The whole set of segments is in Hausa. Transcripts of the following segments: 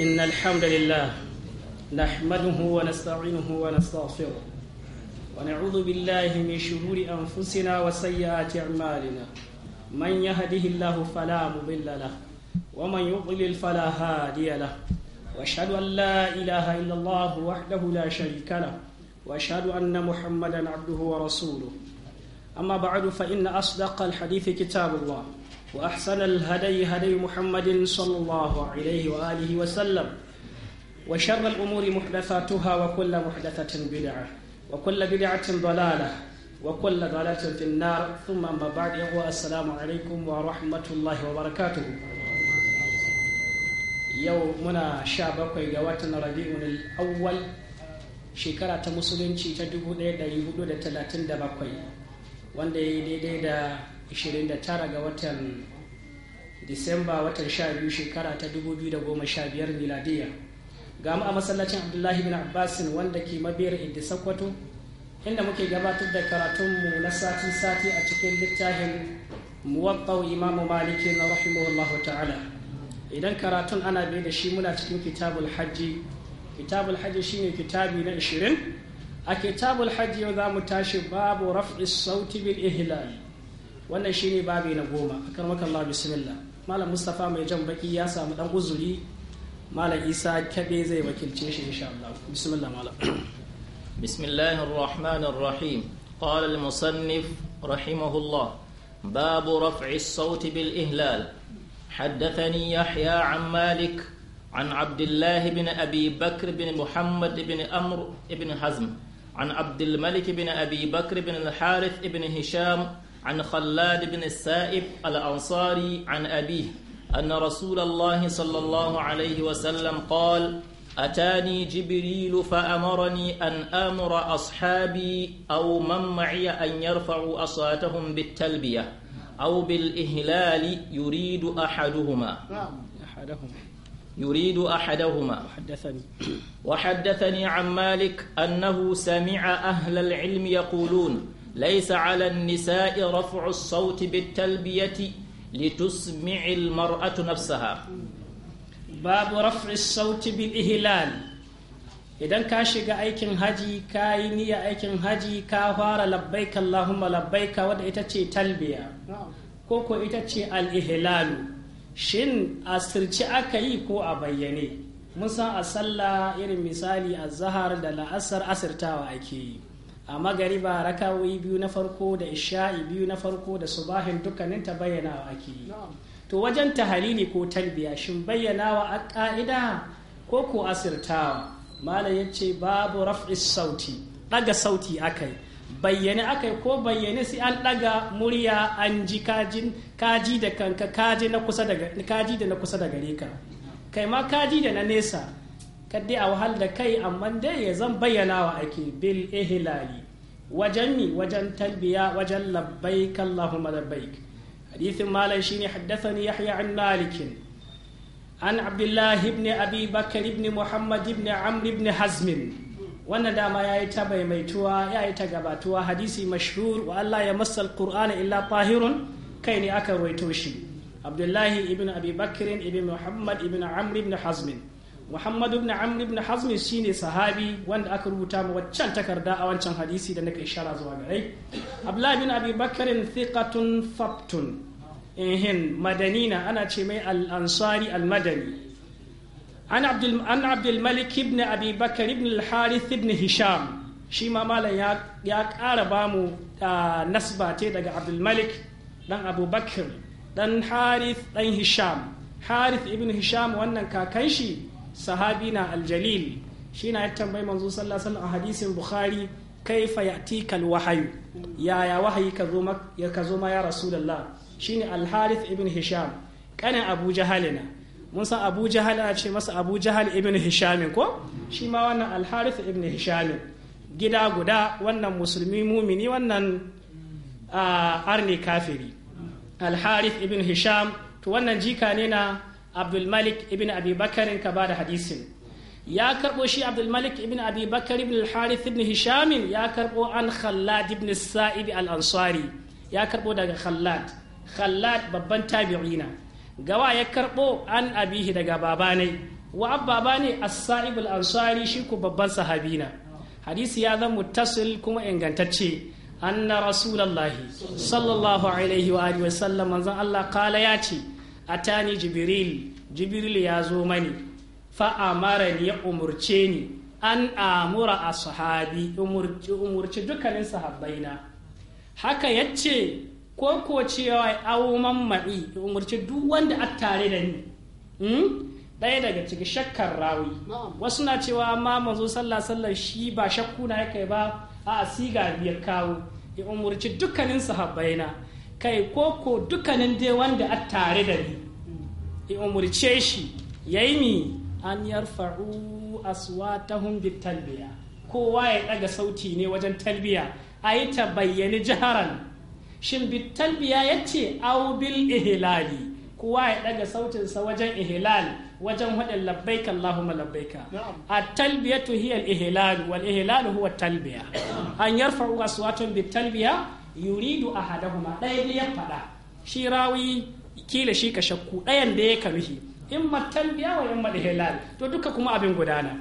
إن الحمد لله نحمده ونستعينه ونستغفره ونعوذ بالله من شرور أنفسنا وسيئات أعمالنا من يهده الله فلا مضل له ومن يضلل فلا هادي له واشهد ان لا اله الا الله وحده لا شريك له واشهد ان محمدا عبده ورسوله اما بعد فان اصدق الحديث كتاب الله وأحسن الهدي هدي محمد صلى الله عليه وآله وسلم وشر الأمور محدثاتها وكل محدثة بدعة وكل بدعة ضلالة وكل ضلالة في النار ثم أما بعد السلام عليكم ورحمة الله وبركاته yau muna sha bakwai ga watan rabi'un awwal shekara ta musulunci ta 1437 wanda ya yi daidai da 29 ga watan disamba watan 12 shekara ta 2015 miladiya ga a masallacin abdullahi bin abbasin wanda ke mabiyar inda sakwato inda muke gabatar da karatunmu na sati-sati a cikin littafin muwattau imamu na rahimahullahu ta'ala idan karatun ana bai da shi muna cikin kitabul hajji kitabul hajji shine kitabi na 20 a kitabul hajji yau za mu tashi babu raf'is sauti bil ihlal wannan shine babi na goma akar makallah bismillah malam mustapha mai jan baki ya samu dan uzuri malam isa kyabe zai wakilce shi insha Allah bismillah malam bismillahir rahmanir rahim qala al musannif rahimahullah باب رفع الصوت بالإهلال حدثني يحيى عن مالك عن عبد الله بن أبي بكر بن محمد بن أمر بن حزم عن عبد الملك بن أبي بكر بن الحارث بن هشام عن خلاد بن السائب الأنصاري عن أبيه أن رسول الله صلى الله عليه وسلم قال أتاني جبريل فأمرني أن آمر أصحابي أو من معي أن يرفعوا أصواتهم بالتلبية أو بالإهلال يريد أحدهما أحدهما يريد أحدهما وحدثني وحدثني عن مالك أنه سمع أهل العلم يقولون ليس على النساء رفع الصوت بالتلبية لتسمع المرأة نفسها باب رفع الصوت بالإهلال idan ka shiga aikin haji ka yi niyya aikin haji ka fara labbaika Allahumma labbaika wadda ita ce talbiya ko ko ita ce al-ihlalu shin a sirci aka yi ko a bayyane mun san a sallah irin misali a zahar da la'asar asirtawa ake yi a magariba raka'o'i biyu na farko da isha'i biyu na farko da subahin dukkanin ta bayyana ake yi to wajen tahalili ko talbiya shin bayyana wa ƙa'ida ko ko asirtawa malam ya ce babu raf'is sauti daga sauti akai bayyane akai ko bayyane sai an daga murya an ji kaji da kanka na kusa da kaji da na kusa da gare ka kai ma kaji da na nesa kadai a wahal da kai amma dai ya zan bayyana wa ake bil ihlali wajen ni, wajen talbiya wajen labbaik allahumma labbaik hadithin malam shine haddathani yahya an malikin an abdullahi ibn abi bakar ibn muhammad ibn amr ibn hazmin wannan dama ya yi ta maimaituwa ya yi ta gabatuwa hadisi mashhur wa allah ya masal qur'ana illa tahirun kai ne aka rawaito shi abdullahi ibn abi bakr ibn muhammad ibn amr ibn hazmin muhammadu ibn amr ibn hazm shine sahabi wanda aka rubuta ma waccan takarda a wancan hadisi da nake ishara zuwa gare abdullahi bin abi bakarin thiqatun fabtun ehin madanina ana ce mai al-ansari al-madani an abdul malik ibn abi ibn al-harith ibn hisham shi ma malam ya ƙara ba mu nasba ce daga abdul malik dan abubakar dan harith dan hisham harith ibn hisham wannan kakan shi sahabi na aljalil shi na ya tambayi manzo sallallahu alaihi wasallam hadisin bukhari kaifa ya'tika alwahyu yaya wahayi ka zo ma ya ka zo ma ya rasulullah shine alharith ibn hisham kana abu jahalina mun san abu jahal ce masa abu jahal ibn hisham ko shi ma wannan alharith ibn hisham gida guda wannan musulmi mumini wannan arni kafiri alharith ibn hisham to wannan jika ne na abdulmalik ibn abi bakarin ka ba da hadisin ya karɓo shi abdulmalik ibn abi ibn harith ibn hishamin ya karɓo an khallad ibn sa'id al-ansari ya karɓo daga khallad khallad babban tabi'ina gawa ya karɓo an abihi daga babanai wa abba ne as-sa'ib al-ansari shi ko babban sahabina hadisi ya zama muttasil kuma ingantacce anna rasulullahi sallallahu alaihi wa alihi wa sallam manzon Allah kala ya ce atani jibril jibril ya zo mani ni ya umurce ni an amura ashabi sahabi umurci dukkanin sahabbaina haka yace ko kuwa cewa auman ma'i umurci duk wanda a tare da ni ɗaya daga cikin shakkar rawi wasu na cewa amma manzo sallah sallar shi ba shakku na yake ba a siga biyar kawo ya umurci dukkanin sahabbaina kai ko ko dukkanin dai wanda a tare da ni in umurce shi yi mi an yarfa'u aswatahum talbiya. kowa ya ɗaga sauti ne wajen talbiya ayi ta bayyani jaharan shin talbiya yace ce bil ihlali kowa ya ɗaga sautinsa wajen ihlal wajen haɗin labbaika Allahumma labbaika A talbiya tu al ihlal wal ihlal huwa talbiya an yarfa'u bi talbiya. yuridu ahadahuma ɗaya da ya faɗa shi rawi kila shi ka shakku ɗayan da ya karuhi in matan biya wa yamma helal to duka kuma abin gudana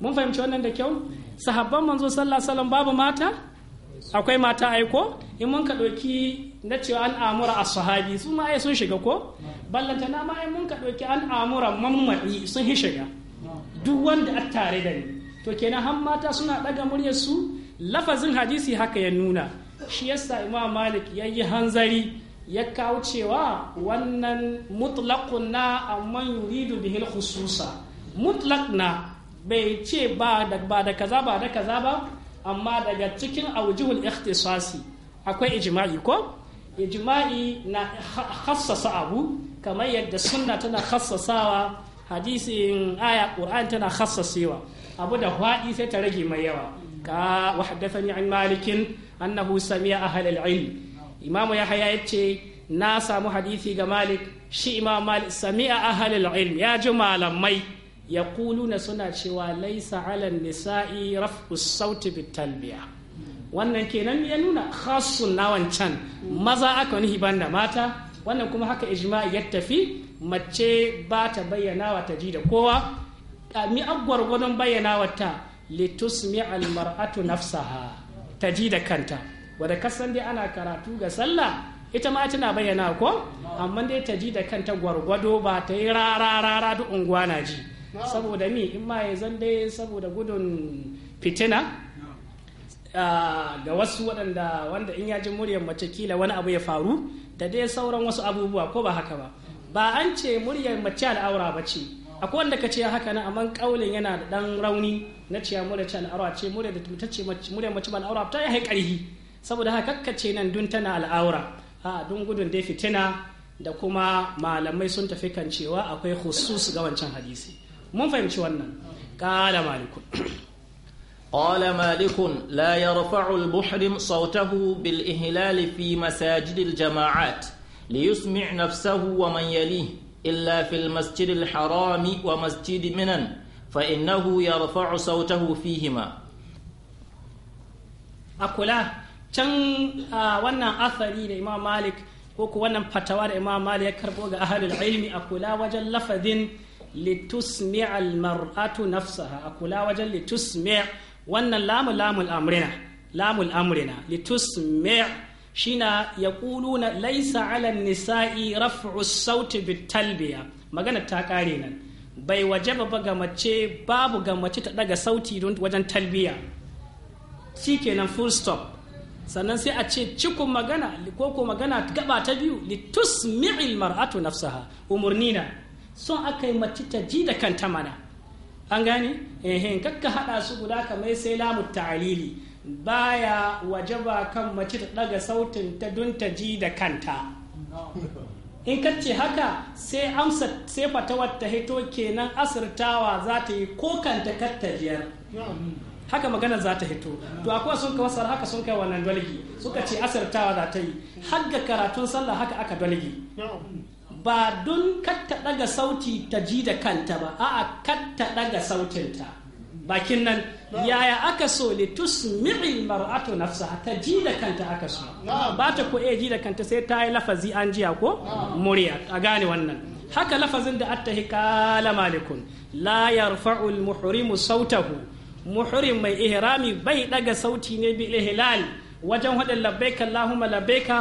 mun fahimci wannan da kyau sahabban manzo sallallahu alaihi wasallam babu mata akwai mata aiko in mun ka ɗauki na cewa an amura a sahabi su ma ai sun shiga ko ballanta na ma ai mun ka ɗauki an amura mammaɗi sun hi shiga duk wanda a tare da ni to kenan har mata suna ɗaga muryar su lafazin hadisi haka ya nuna shi yasa imam malik ya yi hanzari ya kawo cewa wannan mutlaqun na amma yuridu bihil khususa mutlaq na bai ce ba da ba da kaza ba da kaza ba amma daga cikin aujihul ikhtisasi akwai ijma'i ko ijma'i na khassasa abu kamar yadda sunna tana khassasawa hadisin aya qur'an tana khassasewa abu da faɗi sai ta rage mai yawa وحدثني عن مالك أنه سمع أهل العلم إمام يحيى يتشي ناسا محديثي مالك شي إمام مالك سمع أهل العلم يا جمال مي يقولون سنة شوى ليس على النساء رفع الصوت بالتلبية wannan kenan ya nuna khasun na wancan maza aka wani hiban da mata wannan kuma haka ijma ya tafi mace ba ta bayyana wa ta ji da kowa mi agwar gwadon bayyana ta litusmi almar'atu nafsaha ta ji da kanta wadda kasan dai ana karatu ga sallah ita ma tana bayyana ko amma dai ta ji da kanta gwargwado ba ta yi rara-rara duk unguwa na ji saboda mi in ma ya zan dai saboda gudun fitina ga wasu waɗanda wanda in ya ji muryar mace kila wani abu ya faru da dai sauran wasu abubuwa ko ba haka ba ba an ce muryar mace al'aura ba ce akwai wanda ka ce haka nan amma kaulin yana da dan rauni na ciya mura ce al'aura ce mura da mutacce mura mace ban aura ta yi karhi saboda haka kakkace nan dun tana al'aura a dun gudun dai fitina da kuma malamai sun tafi kan cewa akwai khusus ga wancan hadisi mun fahimci wannan qala malikun قال مالك لا يرفع المحرم صوته بالإهلال في مساجد الجماعات ليسمع نفسه ومن يليه إلا في المسجد الحرام ومسجد منن فإنه يرفع صوته فيهما أقولا can wannan athari da imam malik ko ku wannan fatawa da imam malik ya karbo ga ahalul ilmi a kula wajen lafazin litusmi almar'atu nafsaha a kula wajen litusmi wannan lamu lamul amrina lamul amrina litusmi shina ya yaquluna laisa 'ala nisai raf'u sauti bit-talbiya magana ta kare nan bai wajaba ba ga mace babu ga mace ta daga sauti don wajen talbiya shikenan full stop sannan sai a ce cikun magana ko ko magana gaba ta biyu mi'il mar'atu nafsaha umurnina son akai mace ta ji da kanta mana an gane eh kakka hada su guda kamar sai lamu ta'alili baya wajaba kan mace ta daga sautin ta don ta ji da kanta in ka ce haka sai amsa sai fatawar ta hito kenan asirtawa za ta yi ko kanta kattajiyar haka magana za ta hito to akwai sun ka wasar haka sun kai wannan dalgi suka ce asirtawa za ta yi har ga karatun sallah haka aka dalgi ba don katta daga sauti ta ji da kanta ba a'a katta daga sautinta bakin nan yaya aka so li tusmi'i mar'atu nafsa ta ji da kanta aka so ba ta ko ji da kanta sai ta yi lafazi an jiya ko murya a gane wannan haka lafazin da attahi kala malikun la yarfa'u al sautahu muhrim mai ihrami bai daga sauti ne bi ihlal wajen hudin labbaika allahumma labbaika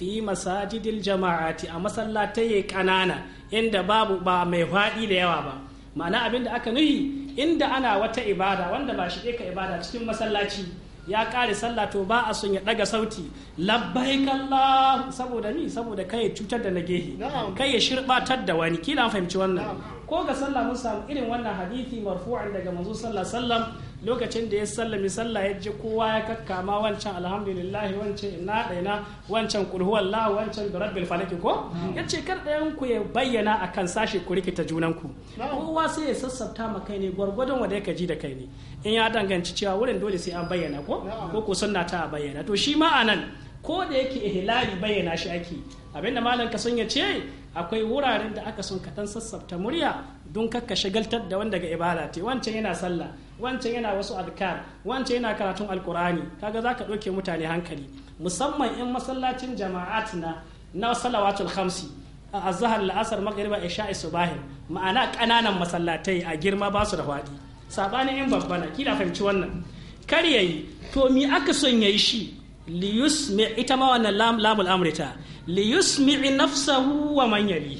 fi masajidil jama'ati a masallatai kanana inda babu ba mai faɗi da yawa ba ma'ana abin da aka nuhi inda ana wata ibada wanda ba shi ka ibada cikin masallaci ya kare sallah to ba a son ya daga sauti labbai Allah saboda ni saboda kai cutar da na nagehi kai ya shirbatar da wani kila an fahimci wannan ko ga sallah mun samu irin wannan hadithi marfu'an daga manzo sallah sallam lokacin da ya sallami sallah ya ji kowa ya kakkama wancan alhamdulillah wancan inna daina wancan qul huwallah wancan rabbil falaki ko yace kar dayan ku ya bayyana akan sashi ku rikita junan ku kowa sai ya sassabta ma kai ne gwargwadon wanda yake ji da kai ne in ya danganci cewa wurin dole sai an bayyana ko ko ko sunna ta bayyana to shi ma anan ko da yake ihlali bayyana shi ake abinda malam sun ya ce akwai wuraren da aka son ka dan sassafta murya don kakka shagaltar da wanda ga ibada te wancan yana sallah wancan yana wasu adkar wancan yana karatun alkurani kaga zaka ɗauke mutane hankali musamman in masallacin jama'at na na salawatul khamsi a azhar la'asar maghriba isha subahi ma'ana ƙananan masallatai a girma ba su da fadi sabanin in babbana kila fahimci wannan kar yayi to mi aka son yayi shi liyus ita ma wannan lamul amrita li yusmi'i nafsahu wa man yali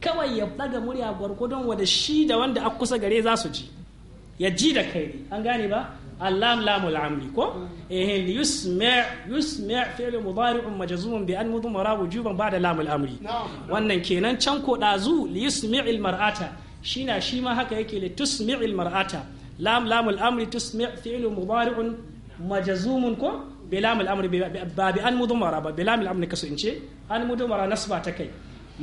kawai ya daga murya gwargwadon wanda shi da wanda a kusa gare za su ji ya ji da kai an gane ba allam lamul amri ko eh li yusmi' yusmi' fi'l mudari'un majzumun bi an mudmara wujuban ba'da lamul amri wannan kenan can ko dazu li yusmi'il mar'ata shina shi ma haka yake li tusmi'il mar'ata lam lamul amri tusmi' fi'l mudari'un majzumun ko bilam al'amr ba bi an mudmara ba bilam al'amr kasu in ce an mudmara nasba ta kai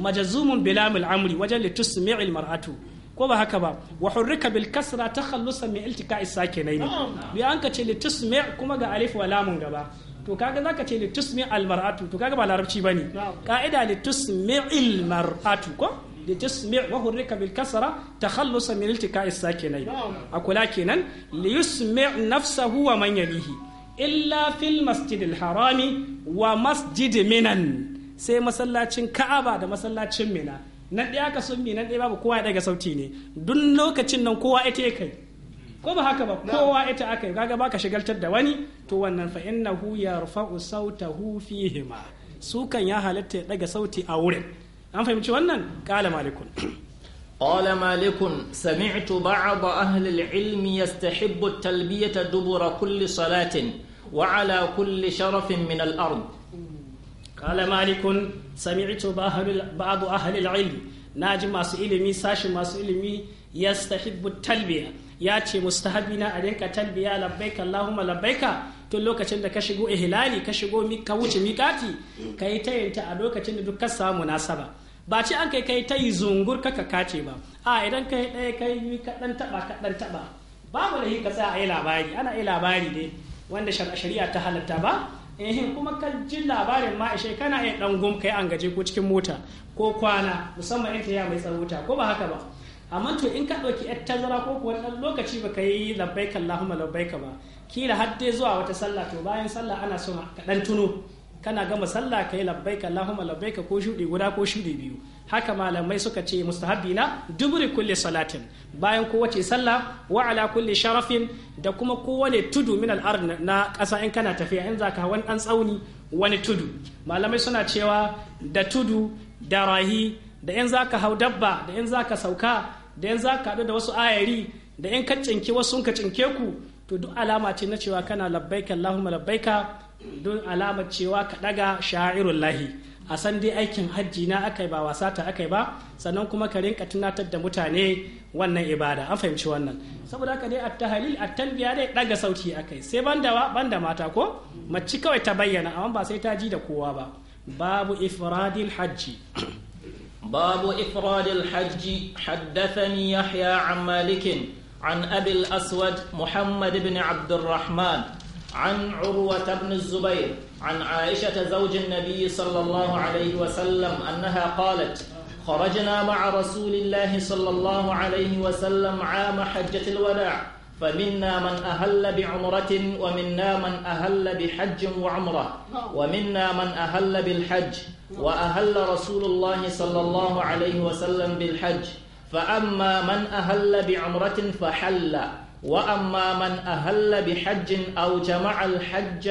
majazumun bilam al'amr wajen litusmi'il mar'atu ko ba haka ba wa hurrika bil kasra takhallusan min iltika'i sakinaini bi an ka li litusmi' kuma ga alif wa lamun gaba to kaga zaka ce litusmi al mar'atu to kaga ba larabci bane ka'ida litusmi il mar'atu ko li litusmi wa hurrika bil kasra takhallusan min iltika'i sakinaini akula kenan liyusmi nafsahu wa man yalihi illa fil masjidil harami wa masjid minan sai masallacin ka'aba da masallacin mina nan ɗaya ka sun nan ɗaya babu kowa ya ɗaga sauti ne duk lokacin nan kowa ita ya kai ko ba haka ba kowa ita aka yi kaga baka shigaltar da wani to wannan fa innahu yarfa'u sautahu fihima su kan ya halatta ya daga sauti a wurin an fahimci wannan qala malikun قال مالك سمعت بعض أهل العلم يستحب التلبية دبر كل صلاة وعلى كل شرف من الأرض قال مالك سمعت بعض أهل العلم ناجي ماسو إلمي ساشي ماسو إلمي يستحب التلبية ya ce mustahabi na a rinka talbiya labbaika Allahumma labbaika tun lokacin da ka shigo ihilali ka shigo ka wuce miƙati ka yi tayinta a lokacin da duk ka samu nasaba ba ce an kai kai tayi zungur ka ka kace ba a idan kai ɗaya kai yi kaɗan taɓa kaɗan taɓa babu lahi ka tsaya a yi labari ana yi labari dai wanda shari'a ta halatta ba ehin kuma ka ji labarin ma ishe kana iya dan gum kai an gaje ko cikin mota ko kwana musamman in ya mai tsawuta ko ba haka ba amma to in ka ɗauki yar tazara ko kuwa ɗan lokaci baka ka yi labbaika Allahumma labbaika ba kila har dai zuwa wata sallah to bayan sallah ana so ka dan tuno kana gama sallah ka yi labbaika Allahumma labbaika ko shudi guda ko shudi biyu haka malamai suka ce mustahabbi na duburi kulli salatin bayan kowace sallah wa ala kulli sharafin da kuma kowane tudu min al'ard na ƙasa in kana tafiya in zaka wani dan tsauni wani tudu malamai suna cewa da tudu da rahi da in zaka hau dabba da in zaka sauka da in zaka haɗu da wasu ayari da in ka cinke wasu ka cinke ku to duk alama ce na cewa kana labbaika allahumma labbaika don alama cewa ka ɗaga shairullahi lahi a san dai aikin hajji na aka yi ba wasa ta aka yi ba sannan kuma ka rinka tunatar da mutane wannan ibada an fahimci wannan saboda haka dai a tahalil a talbiya dai daga sauti aka yi sai banda banda mata ko mace kawai ta bayyana amma ba sai ta ji da kowa ba babu ifradil hajji babu ifradil hajji Malikin, yahya an aswad an abil aswad muhammad بن عبد an urwa zubair عن عائشة زوج النبي صلى الله عليه وسلم أنها قالت خرجنا مع رسول الله صلى الله عليه وسلم عام حجة الوداع فمنا من أهل بعمرة ومنا من أهل بحج وعمرة ومنا من أهل بالحج وأهل رسول الله صلى الله عليه وسلم بالحج فأما من أهل بعمرة فحل وأما من أهل بحج أو جمع الحج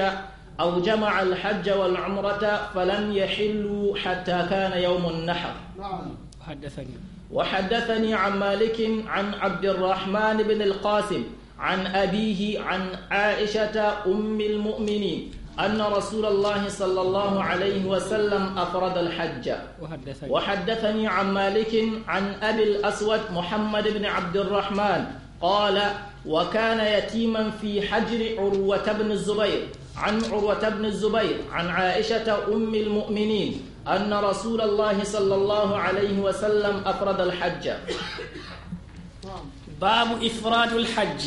أو جمع الحج والعمرة فلم يحلوا حتى كان يوم النحر نعم وحدثني وحدثني عن مالك عن عبد الرحمن بن القاسم عن أبيه عن عائشة أم المؤمنين أن رسول الله صلى الله عليه وسلم أفرد الحج وحدثني, وحدثني عن مالك عن أبي الأسود محمد بن عبد الرحمن قال وكان يتيما في حجر عروة بن الزبير عن عروة بن الزبير عن عائشة أم المؤمنين أن رسول الله صلى الله عليه وسلم أفرد الحج باب إفراد الحج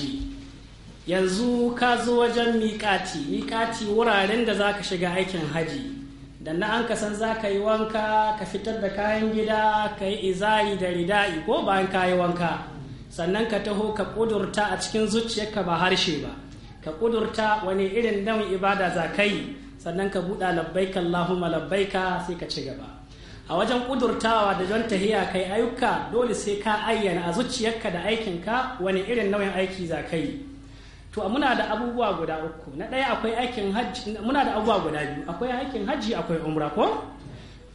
yanzu ka zo wajen miƙati miƙati wuraren da za ka shiga aikin haji da na an kasan za ka yi wanka ka fitar da kayan gida ka yi izari da rida'i ko bayan ka yi wanka sannan ka taho ka ƙudurta a cikin zuciyarka ba harshe ba ka ƙudurta wani irin nau'in ibada za ka yi sannan ka buɗa labbaika Allahumma labbaika sai ka ci gaba a wajen ƙudurtawa da don tahiya kai ayyuka dole sai ka ayyana a zuciyarka da aikinka wani irin nau'in aiki za ka yi to muna da abubuwa guda uku na ɗaya akwai aikin hajji muna da abubuwa guda biyu akwai aikin hajji akwai umra ko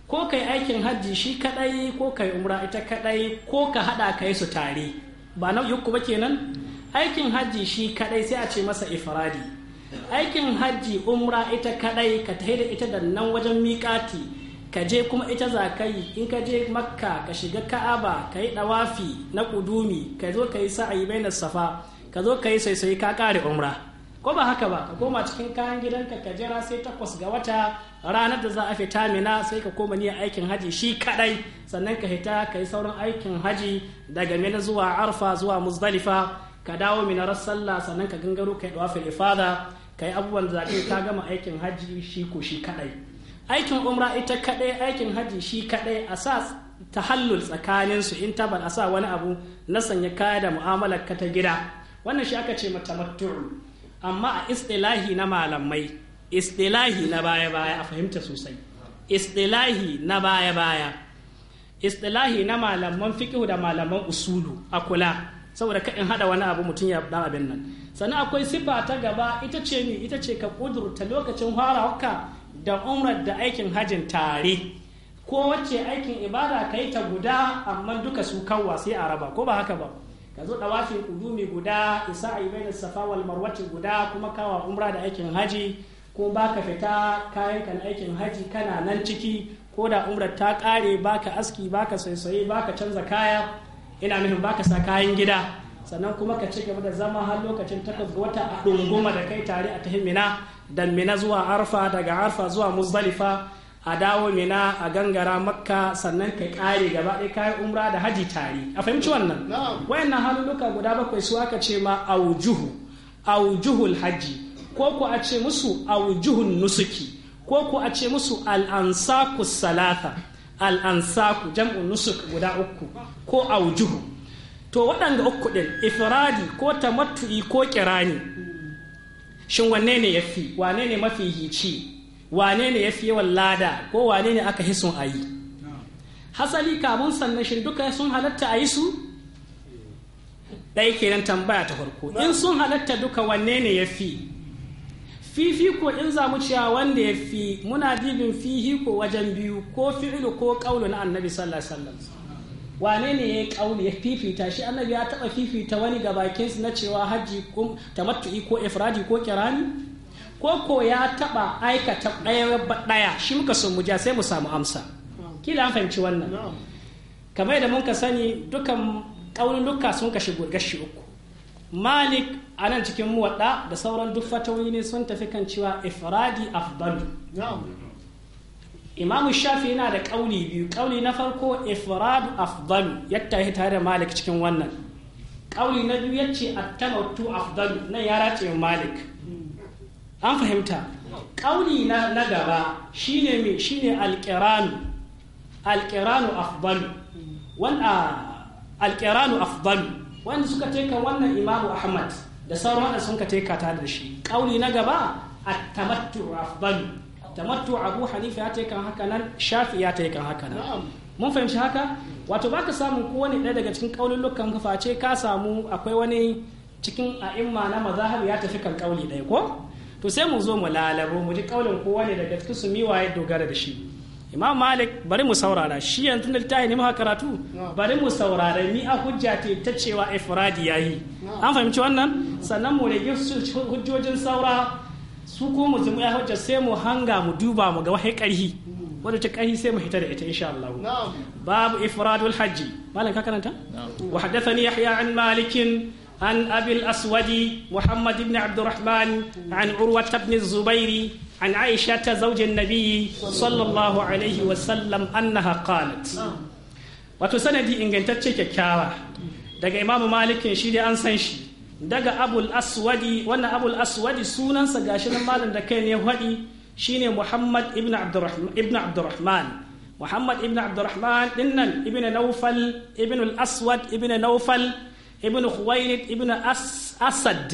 ko kai aikin hajji shi kadai ko kai umra ita kadai ko ka hada kai su tare ba nau'i uku ba kenan aikin hajji shi kadai sai a ce masa ifradi aikin hajji umra ita kadai ka tahi da ita da nan wajen miƙati ka je kuma ita za ka yi in ka je makka ka shiga ka'aba ka yi dawafi na kudumi ka zo ka yi sa'ayi bai na safa ka zo ka yi saisayi ka kare umra ko ba haka ba ka koma cikin kayan gidanka ka jira sai takwas ga wata ranar da za a fita mina sai ka koma niyyar aikin haji shi kadai sannan ka hita ka yi sauran aikin haji daga mina zuwa arfa zuwa muzdalifa ka dawo minarar sallah sannan ka gangaro ka yi dawafil ifada ka yi abubuwan zaɓe ka gama aikin hajji shi ko shi kaɗai aikin umra ita kaɗai aikin hajji shi kaɗai a sa tahallul tsakanin su in tabar a sa wani abu na sanya kaya da mu'amalar ka ta gida wannan shi aka ce matamattu'u amma a istilahi na malamai istilahi na baya-baya a fahimta sosai istilahi na baya-baya istilahi na malaman fikihu da malaman usulu a kula saboda ka in hada wani abu mutum ya dan abin nan sannan akwai sifa ta gaba ita ce ni ita ce ka kudurta lokacin farawarka da umrar da aikin hajin tare ko wacce aikin ibada ka yi ta guda amma duka su kawwa sai a raba ko ba haka ba ka zo dawafin udumi guda isa a bai da safa wal guda kuma kawa umra da aikin haji ko ba ka fita kayan kan aikin haji kana nan ciki ko da umrar ta kare ka aski ba baka saisaye ka canza kaya ina nufin baka sa kayan gida sannan kuma ka ci gaba da zama har lokacin takwas ga wata a ɗunguma da kai tare a tafi mina da mina zuwa arfa daga arfa zuwa muzdalifa a dawo mina a gangara makka sannan ka kare gaba ɗaya kayan umra da haji tare a fahimci wannan wayannan haluluka guda bakwai su aka ce ma aujuhu aujuhul haji ko ku a ce musu aujuhun nusuki ko ku a ce musu al'ansakus salata al'ansaku jam'un nusuk guda uku ko aujuhu to waɗanda uku ɗin ifradi ko tamattu'i ko kirani shin wanne ne ya fi wane ne mafi hici wane ne ya fi yawan lada ko wane ne aka hisun a yi hasali kamun sannan shin duka sun halatta a yi su ɗaya kenan tambaya ta farko in sun halatta duka wanne ne ya fi fifiko in za mu wanda ya fi muna jibin fihiko wajen biyu ko fi'ilu ko kaulu na annabi sallallahu alaihi wasallam wane ne ya kaulu ya fifita shi annabi ya taɓa fifita wani ga bakinsu na cewa hajji ko tamattu'i ko ifradi ko kirani ko ko ya taɓa aikata ɗaya ɗaya shi muka so mu ja sai mu samu amsa kila an fahimci wannan kamar da mun ka sani dukan ƙaunin duka sun kashe gashi uku malik a nan cikin muwadda da sauran duk fatawoyi ne sun tafi kan cewa ifradi afdalu imam shafi yana da ƙauli biyu ƙauli na farko ifradu afdalu ya tahi tare da malik cikin wannan kauli na biyu ya ce attamattu afdalu nan ya race malik an fahimta kauli na gaba shine me shine alqiranu alqiranu afdalu wanda ah, afdalu wanda suka teka wannan imamu ahmad da sauran wanda suka teka ta da shi kauli na gaba a tamattu afdalu tamattu abu hanifa ya teka haka nan shafi ya teka haka nan mun fahimci haka wato baka samu ko wani ɗaya daga cikin kaulin lokacin ka face ka samu akwai wani cikin a'imma na maza har ya tafi kan kauli ɗaya ko to sai mu zo mu lalabo mu ji kaulin kowane daga cikin su miwaye dogara da shi imam malik bari mu saurara shi yanzu da littafi ne muka karatu bari mu saurara ni a hujja ce ta cewa ifradi yayi an fahimci wannan sannan mu rage hujjojin saura su ko mu zumu ya hujja sai mu hanga mu duba mu ga wahai karhi mm. wadda ta karhi sai mu hita da ita insha Allah babu ifradul hajji malam ka karanta wa haddathani yahya an malikin عن أبي الأسود محمد بن عبد الرحمن عن عروة بن عن عائشة زوج النبي صلى الله عليه وسلم أنها قالت وتسندي إن كنت كاوة دقى إمام مالك شيدي أنسنشي دقى أبو الأسود وأنا أبو الأسود سونا سقاشنا مالا دكين يهودي شيني محمد ابن عبد الرحمن ابن عبد الرحمن محمد ابن عبد الرحمن إن ابن نوفل ابن الأسود ابن نوفل ابن خويلد ابن أس أسد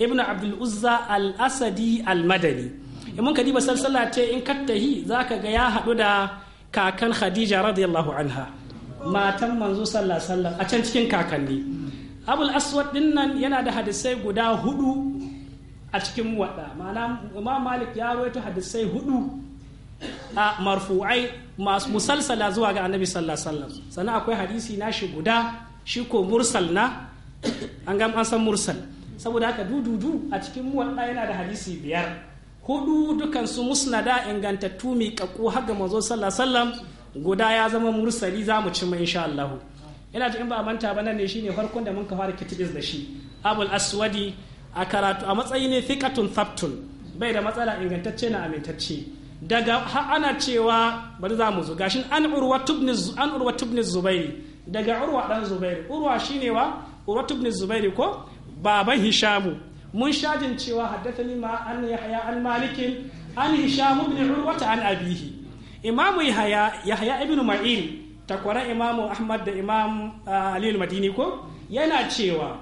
ابن عبد الأزة الأسدي المدني in mun kadiba salsala ce in kattahi zaka ga ya haɗu da kakan khadija radiyallahu anha matan manzo sallallahu a can cikin kakanni abul aswad din nan yana da hadisai guda hudu a cikin wadda ma'ana imam malik ya rawaito hadisai hudu a marfu'ai masu musalsala zuwa ga annabi sallallahu sallam sannan akwai hadisi shi guda shi ko mursal na an gam an san mursal saboda haka dududu a cikin muwadda yana da hadisi biyar hudu dukansu musnada ingantattu miƙaƙƙu har ga manzo sallallahu guda ya zama mursali za mu ci mai insha Allah ina ji in ba manta ba nan ne shine farkon da mun ka fara kitabis da shi abul aswadi a karatu a matsayi ne Fiqatun thabtun bai da matsala ingantacce na amintacce daga ana cewa bari za mu zo gashin an urwa tubni an urwa tubni zubairi daga urwa dan zubairi urwa shine wa urwa tubni zubairi ko baban hishamu mun shajin cewa haddathani ma an yahya an malikin an hisham ibn urwata an abihi imamu yahya yahya ibn ma'in takwara imamu ahmad da imam ah, ali al-madini ko yana cewa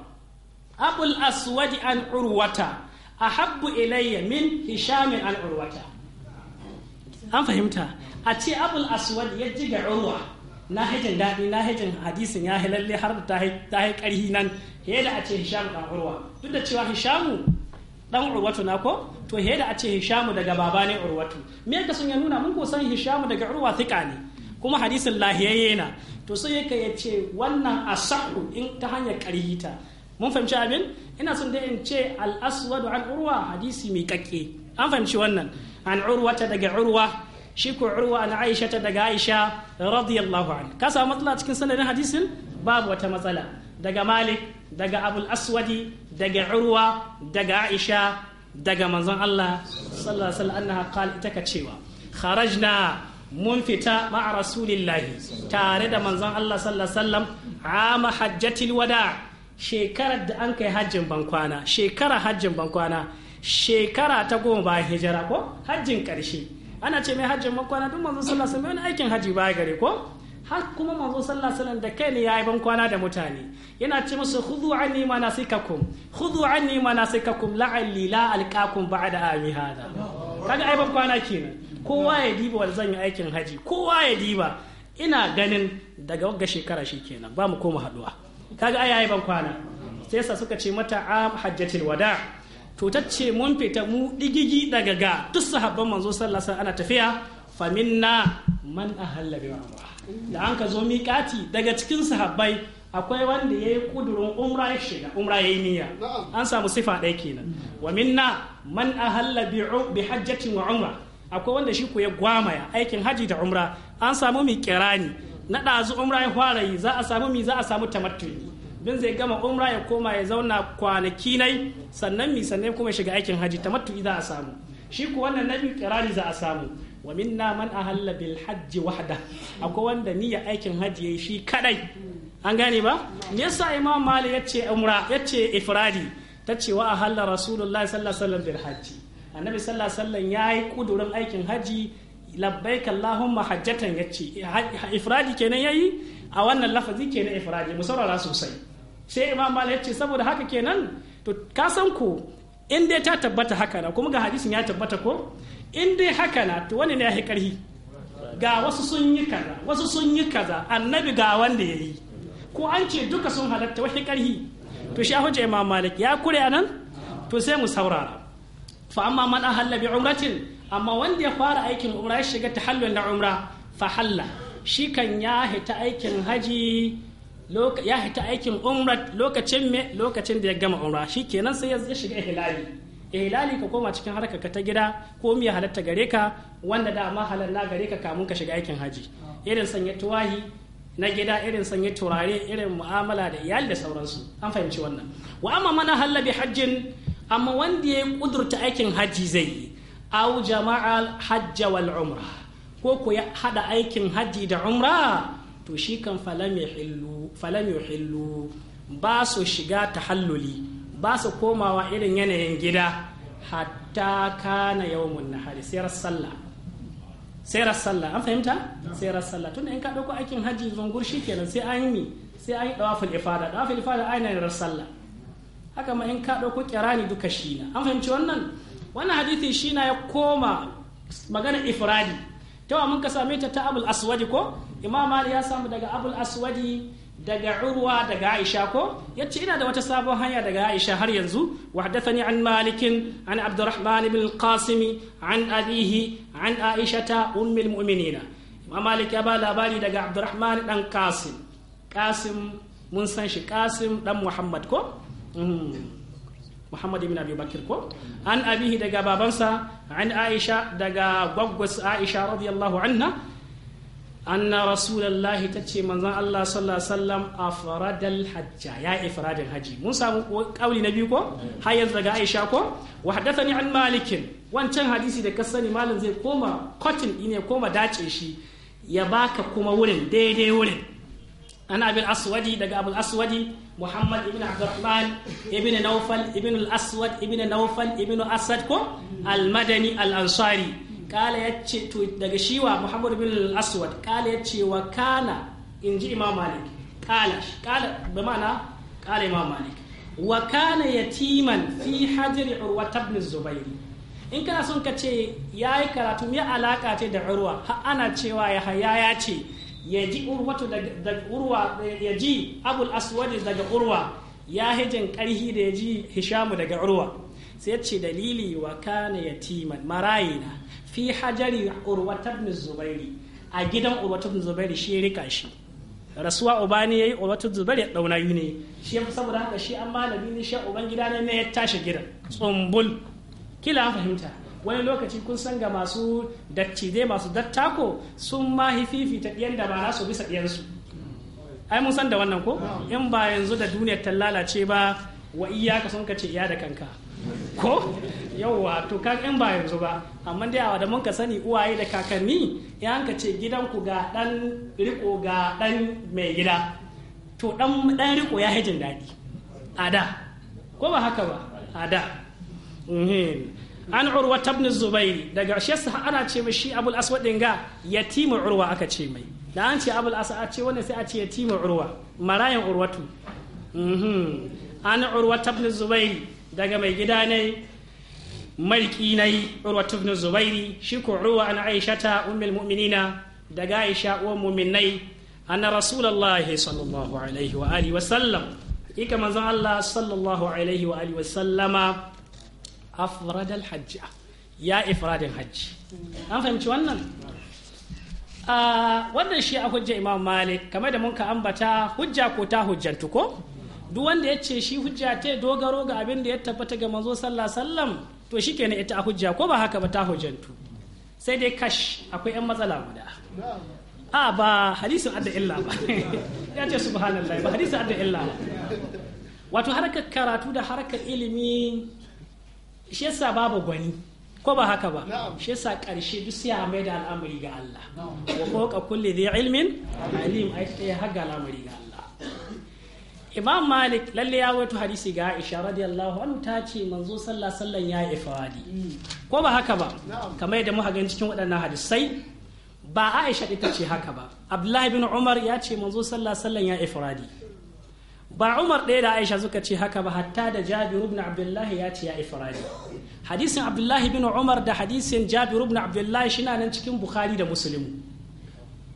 abul aswad an urwata ahabbu ilayya min hisham an urwata an fahimta a ce abul aswad ya ji ga urwa na hajin daɗi na hajin hadisin ya lalle har da ta yi ƙarhi nan yadda a ce hisham kan urwa duk da cewa hishamu dan urwatu na ko to he da a ce hishamu daga baba ne urwatu me yadda sun ya nuna mun ko san hishamu daga urwa thika ne kuma hadisin lahiyayye na to sai yake ya ce wannan asahu in ta hanyar karihita mun fahimci abin ina son dai in ce al aswadu an urwa hadisi mai kakke an fahimci wannan an urwata daga urwa shi ko urwa an aisha ta daga aisha radiyallahu an ka samu matsala cikin sanadin hadisin babu wata matsala daga malik daga abul aswadi daga urwa daga aisha daga manzon Allah sallallahu alaihi annaha ita ka cewa kharajna mun fita ma'a rasulillahi tare da manzon Allah sallallahu alaihi wasallam ama hajjatil wada shekarar da an kai hajjin bankwana shekara hajjin bankwana shekara ta goma bayan hijira ko hajjin karshe ana ce mai hajjin bankwana duk manzon sallallahu alaihi wasallam aikin haji baya gare ko har kuma manzo sallallahu alaihi da kai ne yayi ban kwana da mutane yana ce musu khudhu anni manasikakum khudhu anni manasikakum la'alli la alqakum ba'da ami hada kaga ai ban kwana kenan kowa ya diba wal zan yi aikin haji kowa ya diba ina ganin daga wagga shekara kenan ba mu koma haduwa kaga ai yayi ban kwana sai sa suka ce mata am hajjatul wada to tace mun fita mu digigi daga ga duk sahabban manzo sallallahu alaihi ana tafiya faminna man ahalla bi umrah da an ka zo miƙati daga cikin sahabbai akwai wanda ya yi ƙudurin umra ya shiga umra ya yi niyya an samu sifa ɗaya kenan wa minna man ahalla bi hajjatin wa umra akwai wanda shi ku ya gwamaya aikin haji da umra an samu mi kirani na ɗazu umra ya fara yi za a samu mi za a samu tamattu'i bin zai gama umra ya koma ya zauna kwanaki nai sannan mi sannan kuma shiga aikin haji tamattu'i za a samu shi ku wannan na biyu kirani za a samu wa minna man ahalla bil hajj wahda akwai wanda niyya aikin hajji yayi shi kadai an gane ba me yasa imam malik yace umra yace ifradi tace wa ahalla rasulullahi sallallahu alaihi wasallam bil hajj annabi sallallahu alaihi wasallam yayi kudurin aikin hajji labbaik allahumma hajjatan yace ifradi kenan yayi a wannan lafazi kenan ifradi mu saurara sosai sai imam malik yace saboda haka kenan to ka san ko in dai ta tabbata haka na kuma ga hadisin ya tabbata ko in dai haka na to wani ne ya karhi ga wasu sun yi kaza wasu sun yi kaza annabi ga wanda ya yi ko an ce duka sun halatta wani karhi to shi hujja imam malik ya kure anan to sai mu saurara fa amma man ahalla bi umratin amma wanda ya fara aikin umra ya shiga tahallul na umra fa halla shi kan ya hita aikin haji ya hita aikin umra lokacin me lokacin da ya gama umra shikenan sai ya shiga hilali ihlali ka koma cikin harkarka ta gida ko miya halatta gare ka wanda da ma halalla gare ka kamun ka shiga aikin haji irin sanya tuwahi na gida irin sanya turare irin mu'amala da iyali da sauransu an fahimci wannan wa amma mana halla bi hajjin amma wanda ya kudurta aikin haji zai yi au jama'a hajja wal umra ko ku ya hada aikin haji da umra to shi kan falam yuhillu falam yuhillu ba su shiga tahalluli ba su komawa irin yanayin gida hatta kana yawmun nahari sai sallah sai sallah an fahimta sai sallah tunda in ka dauko aikin haji zungur kenan sai an yi sai an yi dawaful ifada dawaful ifada aina ne sallah haka ma in ka dauko kirani duka shina an fahimci wannan wannan shi na ya koma magana ifradi ta wa mun ka same ta ta abul aswadi ko imam mali ya samu daga abul aswadi daga urwa daga aisha ko yace ina da wata sabon hanya daga aisha har yanzu wahdathani an malikin an abdurrahman ibn qasimi an abihi an aishata ummul mu'minina ma malik ya ba labari daga abdurrahman dan qasim qasim mun san shi qasim dan muhammad ko hmm. muhammad ibn abi bakir ko an abihi daga babansa an aisha daga gwaggwas aisha radiyallahu anha anna rasulullahi ta ce manzon Allah sallallahu Sallam a afradal hajja ya ifradin haji mun samu kauli na biyu ko har yanzu daga Aisha ko wa haddathani an malikin wancan hadisi da ka sani malam zai koma cotton ne koma dace shi ya baka kuma wurin daidai wurin ana abin aswadi daga abul aswadi muhammad ibn abdurrahman ibn naufal ibn al aswad ibn naufal ibn asad ko al madani al ansari kala yace to daga shiwa muhammad bin aswad kala ce wa kana inji imam malik kala kala bi kala imam malik wa kana yatiman fi hajar urwa ibn in kana son ka ce yayi karatu me alaka ce da urwa ha ana cewa ya haya ya ce ya ji daga urwa ya ji abul aswad daga urwa ya hijin karhi da ya ji hishamu daga urwa sai ce dalili wa kana yatiman marayina fi hajari urwatar ibn zubairi a gidan urwatar ibn zubairi shi rika shi rasuwa ubani yayi urwata ibn zubairi dauna ne shi saboda haka shi an malami ne shi uban gida ne ne ya tashi gidan tsumbul kila an fahimta wani lokaci kun san ga masu dattijai masu dattako sun ma hififi ta ɗiyan da ba su bisa su ai mun san da wannan ko in ba yanzu da duniyar ta lalace ba wa iyaka sun ka ce iya da kanka ko yauwa to ka yan ba yanzu ba amma dai da mun ka sani uwaye da kakanni ya ka ce gidanku ga dan riko ga dan mai gida to dan dan riko ya hijin daɗi a da ko ba haka ba a da an urwa tabni zubairi daga shi ana ce mai shi abul aswad din ga yatimu urwa aka ce mai da an ce abul aswad a ce wannan sai a ce yatimu urwa marayan urwatu an urwa tabni zubairi daga mai gida ne malki ne urwatu ibn zubairi shi ko ruwa an ta ummul mu'minina daga aisha uwan mu'minai anna rasulullahi sallallahu alaihi wa alihi wa sallam hakika manzon Allah sallallahu alaihi wa alihi wa sallama afrad al-hajj ya ifradin hajji an fahimci wannan ah, wannan shi a hujja imam malik kamar da mun ka ambata hujja ko ta hujjantu ko duk wanda ya ce shi hujja ta dogaro ga abin da ya tabbata ga manzo sallallahu alaihi wasallam to shikenan ita a hujja ko ba haka ba ta hujjantu sai dai kash akwai yan matsala guda a ba hadisin adda illa ba ya ce subhanallah ba hadisin adda illa ba wato harkar karatu da harkar ilimi shi yasa babu gwani ko ba haka ba shi yasa karshe duk sai a mai da al'amari ga Allah wa ka kulli dhi ilmin alim ai sai har ga al'amari ga Allah imam malik lalle ya wato hadisi ga aisha radiyallahu anhu ta ce manzo sallah sallan ya ifradi ko ba haka ba kamar yadda muka gani cikin waɗannan hadisai ba aisha ita ce haka ba abdullahi bin umar ya ce manzo sallah sallan ya ifradi ba umar ɗaya da aisha suka ce haka ba hatta da jabiru ibn abdullahi ya ce ya ifradi hadisin abdullahi bin umar da hadisin jabiru ibn abdullahi shina nan cikin bukhari da muslim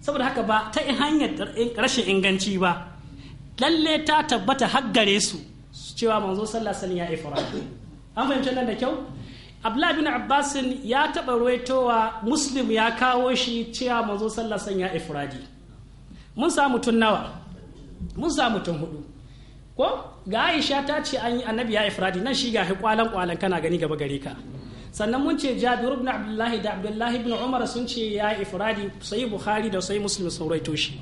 saboda haka ba ta hanyar rashin inganci ba lalle ta tabbata har gare su cewa manzo sallallahu alaihi ya ifradi an fahimci nan da kyau Abdullah bin Abbas ya taba ruwaitowa Muslim ya kawo shi cewa manzo sallallahu alaihi ya ifradi mun samu tun nawa mun samu tun hudu ko ga Aisha ta ce an annabi ya ifradi nan shi ga kwalan kwalan kana gani gaba gare ka sannan mun ce Jabir ibn Abdullahi da Abdullahi ibn Umar sun ce ya ifradi sai Bukhari da sai Muslim sun ruwaito shi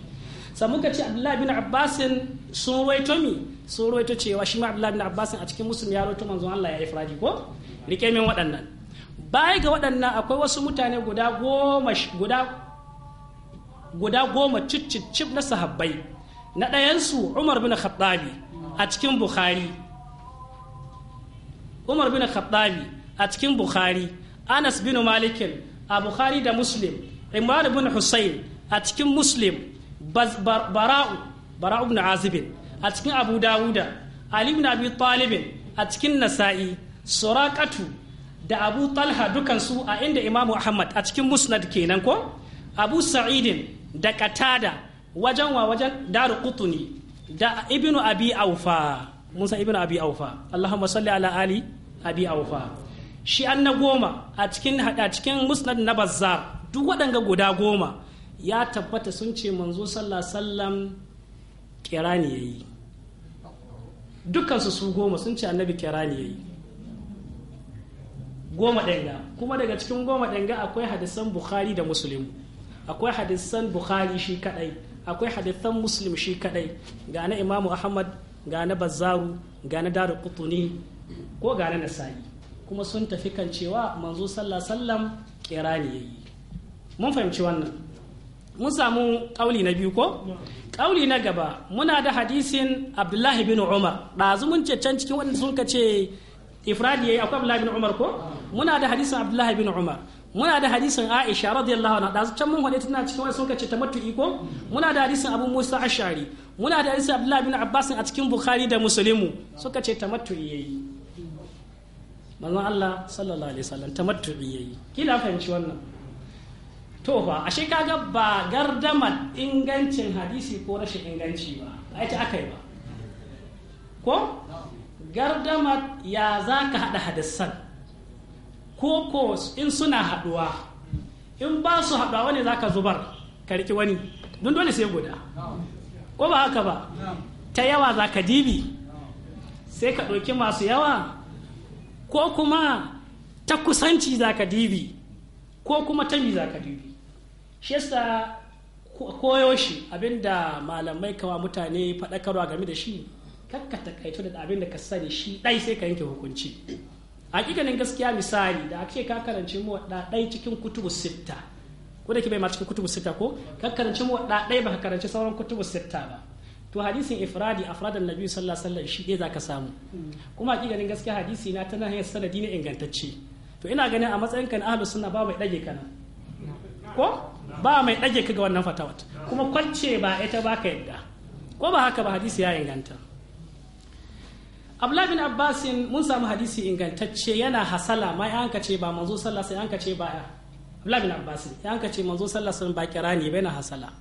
sa muka ce abdullahi bin abbasin sun ruwaito mi sun ruwaito cewa shi ma abdullahi bin abbasin a cikin musulmi ya ruwaito manzon Allah ya yi firaji ko rike min waɗannan baya ga waɗannan akwai wasu mutane guda goma guda guda goma cicicip na sahabbai na ɗayansu umar bin khattabi a cikin bukhari umar bin khattabi a cikin bukhari anas bin malikin a bukhari da muslim imran bin husayn a cikin muslim bara'u bara'u ibn azib a cikin abu dawuda ali ibn abi talib a cikin nasa'i suraqatu da abu talha dukansu a inda imamu ahmad a cikin musnad kenan ko abu sa'idin da qatada wajen wa wajen daru qutni da ibnu abi aufa musa ibnu abi aufa allahumma salli ala ali abi aufa shi an na goma a cikin cikin musnad na bazzar duk waɗanga guda goma ya tabbata sun ce manzo sallah sallam kirani ya yi dukansu su goma sun ce annabi kirani ya yi goma ɗanga kuma daga cikin goma ɗanga akwai hadisan bukhari da muslim akwai hadisan bukhari shi kadai akwai hadisan muslim shi kadai ga na imamu ahmad ga na bazzaru ga na daru kutuni ko ga na nasa'i kuma sun tafi kan cewa manzo sallah sallam kirani ya yi mun fahimci wannan mun samu kauli na biyu ko kauli na gaba muna da hadisin abdullahi bin umar ɗazu mun ce can cikin wanda sun ka ce ifradi yayi akwai abdullahi bin umar ko muna da hadisin abdullahi bin umar muna da hadisin aisha radiyallahu anha ɗazu can mun hade tana cikin wanda sun ce tamattu'i ko muna da hadisin abu musa ashari muna da hadisin abdullahi bin abbas a cikin bukhari da muslimu suka ce tamattu'i yayi manzon Allah sallallahu alaihi wasallam tamattu'i yayi kila fahimci wannan to ba ashe kaga ba gardamar ingancin hadisi ko rashin inganci ba a ta aka yi ba ko gardamar ya za ka haɗa hadisan ko ko in suna haɗuwa in ba su haɗuwa wani za ka zubar ka riki wani don dole sai guda ko ba haka ba ta yawa za ka dibi sai ka ɗauki masu yawa ko kuma ta kusanci za ka dibi ko kuma ta mi za ka dibi shi yasa koyo shi abinda malamai kawa mutane faɗakarwa game da shi kakka kaito da abin da ka sani shi ɗai sai ka yanke hukunci hakikanin gaskiya misali da ake ka karanci mu ɗai cikin kutubu sitta ko da ke bai ma cikin kutubu sitta ko ka karanci mu ɗai ba ka sauran kutubu sitta ba to hadisin ifradi afradan nabi sallallahu alaihi wasallam shi ɗaya zaka samu kuma hakikanin gaskiya hadisi na tana hanyar sanadi ne ingantacce to ina ganin a matsayin kan ahlus sunna ba mai ɗage kana ko ba mai ɗage ka ga wannan fatawat kuma kwance ba ita ba ka yadda ko ba haka ba hadisi ya inganta abdullahi bin Abbas mun samu hadisi ingantacce yana hasala ma ya ce ba manzo sallah sai an ce ba abdullahi bin Abbas ya ce manzo sallah sun ba kira ne bai na hasala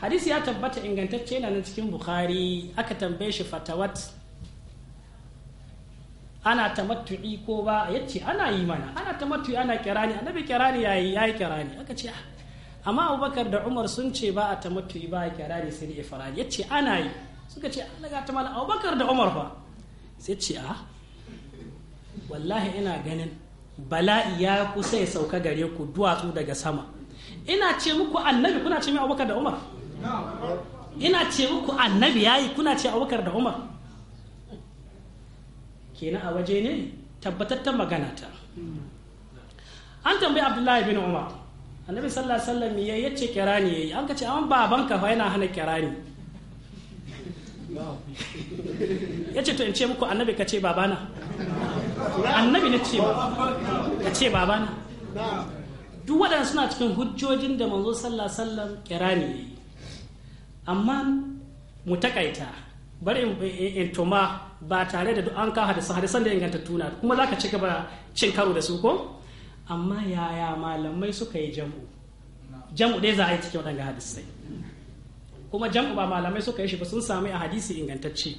hadisi ya tabbata ingantacce yana nan cikin bukhari aka tambaye shi fatawat ana ta matu'i ko ba yace ana yi mana ana ta matu'i ana ni annabi ni yayi yayi ni aka ce ah. amma Abubakar da Umar sun ce ba a ta matu'i ba a ni sai ya yace ana yi suka ce Allah ga ta mala Abubakar da Umar fa sai ce a ah. wallahi ina ganin bala'i ya kusa ya sauka gare ku duwatsu daga sama ina ce muku annabi kuna ce mai Abubakar da Umar ina ce muku annabi yayi kuna ce Abubakar da Umar kenan a waje ne tabbatattar magana ta an tambayi abdullahi bin umar annabi sallallahu alaihi wasallam ya yace kirani yayi an kace an baban ka fa yana hana kirani yace to in ce muku annabi ka ce babana annabi ne ce ka ce babana duk waɗanda suna cikin hujjojin da manzo sallallahu alaihi wasallam kirani yayi amma mu takaita bari in toma ba tare da an ka hadisa hadisan da inganta tuna kuma za ka ci gaba cin karo da su ko amma yaya malamai suka yi jam'u jam'u dai za a yi cikin waɗanda hadisai kuma jam'u ba malamai suka yi shi ba sun sami a hadisi ingantacce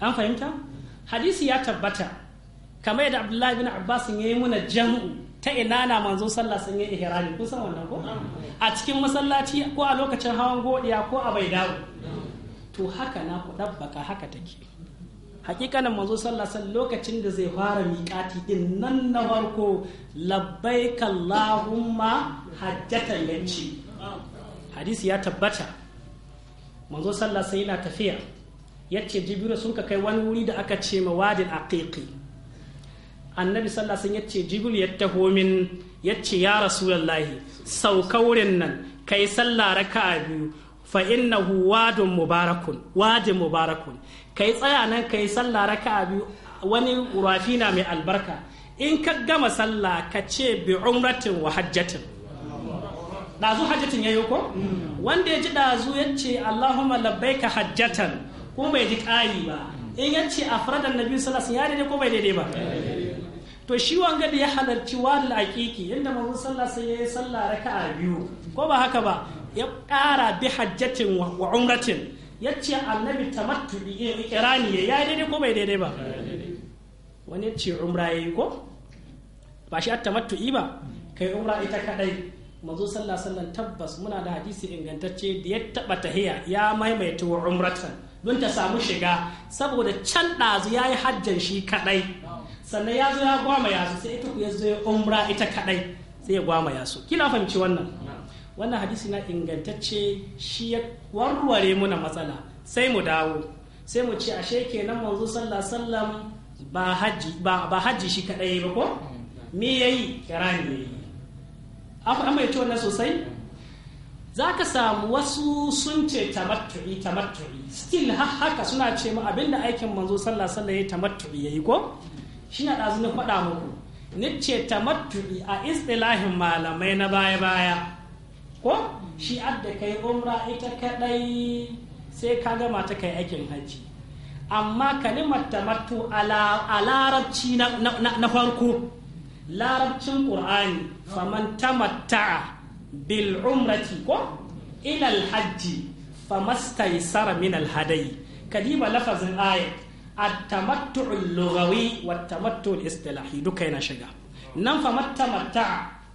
an fahimta hadisi ya tabbata kamar yadda abdullahi bin abbas ya yi muna jam'u ta ina na manzon sallah sun yi ihrami kun san wannan ko a cikin masallaci ko a lokacin hawan godiya ko a bai dawo to haka na ku dabbaka haka take hakikanin manzo sallasan lokacin da zai fara miƙati din nan na farko labbai kallahumma hajjatan yanci hadisi ya tabbata manzo sallasan yana tafiya ya ce jibiru sun ka kai wani wuri da aka ce mawadin aqiqi annabi sallasan ya ce jibiru ya taho min ya ce ya rasulallahi sauka wurin nan kai sallah raka'a biyu fa innahu wadun mubarakun wadin mubarakun kai tsaya nan kai sallah raka'a biyu wani rafi na mai albarka in ka gama sallah ka ce bi umratin wa hajjatin ɗazu hajjatin ya yi ko wanda ya ji ɗazu ya ce allahumma labbaika hajjatan ko bai ji ƙari ba in ya ce a faradar nabi sallallahu ya daidai ko bai daidai ba to shi wanga da ya halarci wadul aqiqi inda manzon sallallahu ya yi sallah raka'a biyu ko ba haka ba ya ƙara bi hajjatin wa umratin ya ce annabi matu irani ya yi daidai ko bai daidai ba wani ya ce umra ya yi ko ba shi matu ba kai umra ita kadai mazo sallah sallan tabbas muna da hadisi ingantacce da ya taba tahiya ya maimaita wa umratan don ta samu shiga saboda can ɗazu ya yi hajjan shi kadai sannan ya zo ya gwama yasu sai ita ku ya zo ya umra ita kadai sai ya gwama yasu kina fahimci wannan wannan hadisi na ingantacce shi ya warware muna matsala sai mu dawo sai mu ce ashe kenan manzo sallallahu sallam ba haji ba ba haji shi kadai ba ko me yayi kirani ne? aka amma yace wannan sosai zaka samu wasu sun ce tamattu'i tamattu'i still haka suna ce mu abinda aikin manzo sallallahu sallam yayi tamattu'i yayi ko shi na dazu na faɗa muku ni ce tamattu'i a istilahin malamai na baya baya ko shi adda kai umra ita kadai sai ka gama ta kai aikin hajji amma kalimar tamattu a larabci na farko larabcin ƙur'ani faman tamatta'a bil umrati ko ilal hajji tsara min al hadayi kadiba lafazin ayat التمتع wa والتمتع istilahi duka yana shiga nan fa matta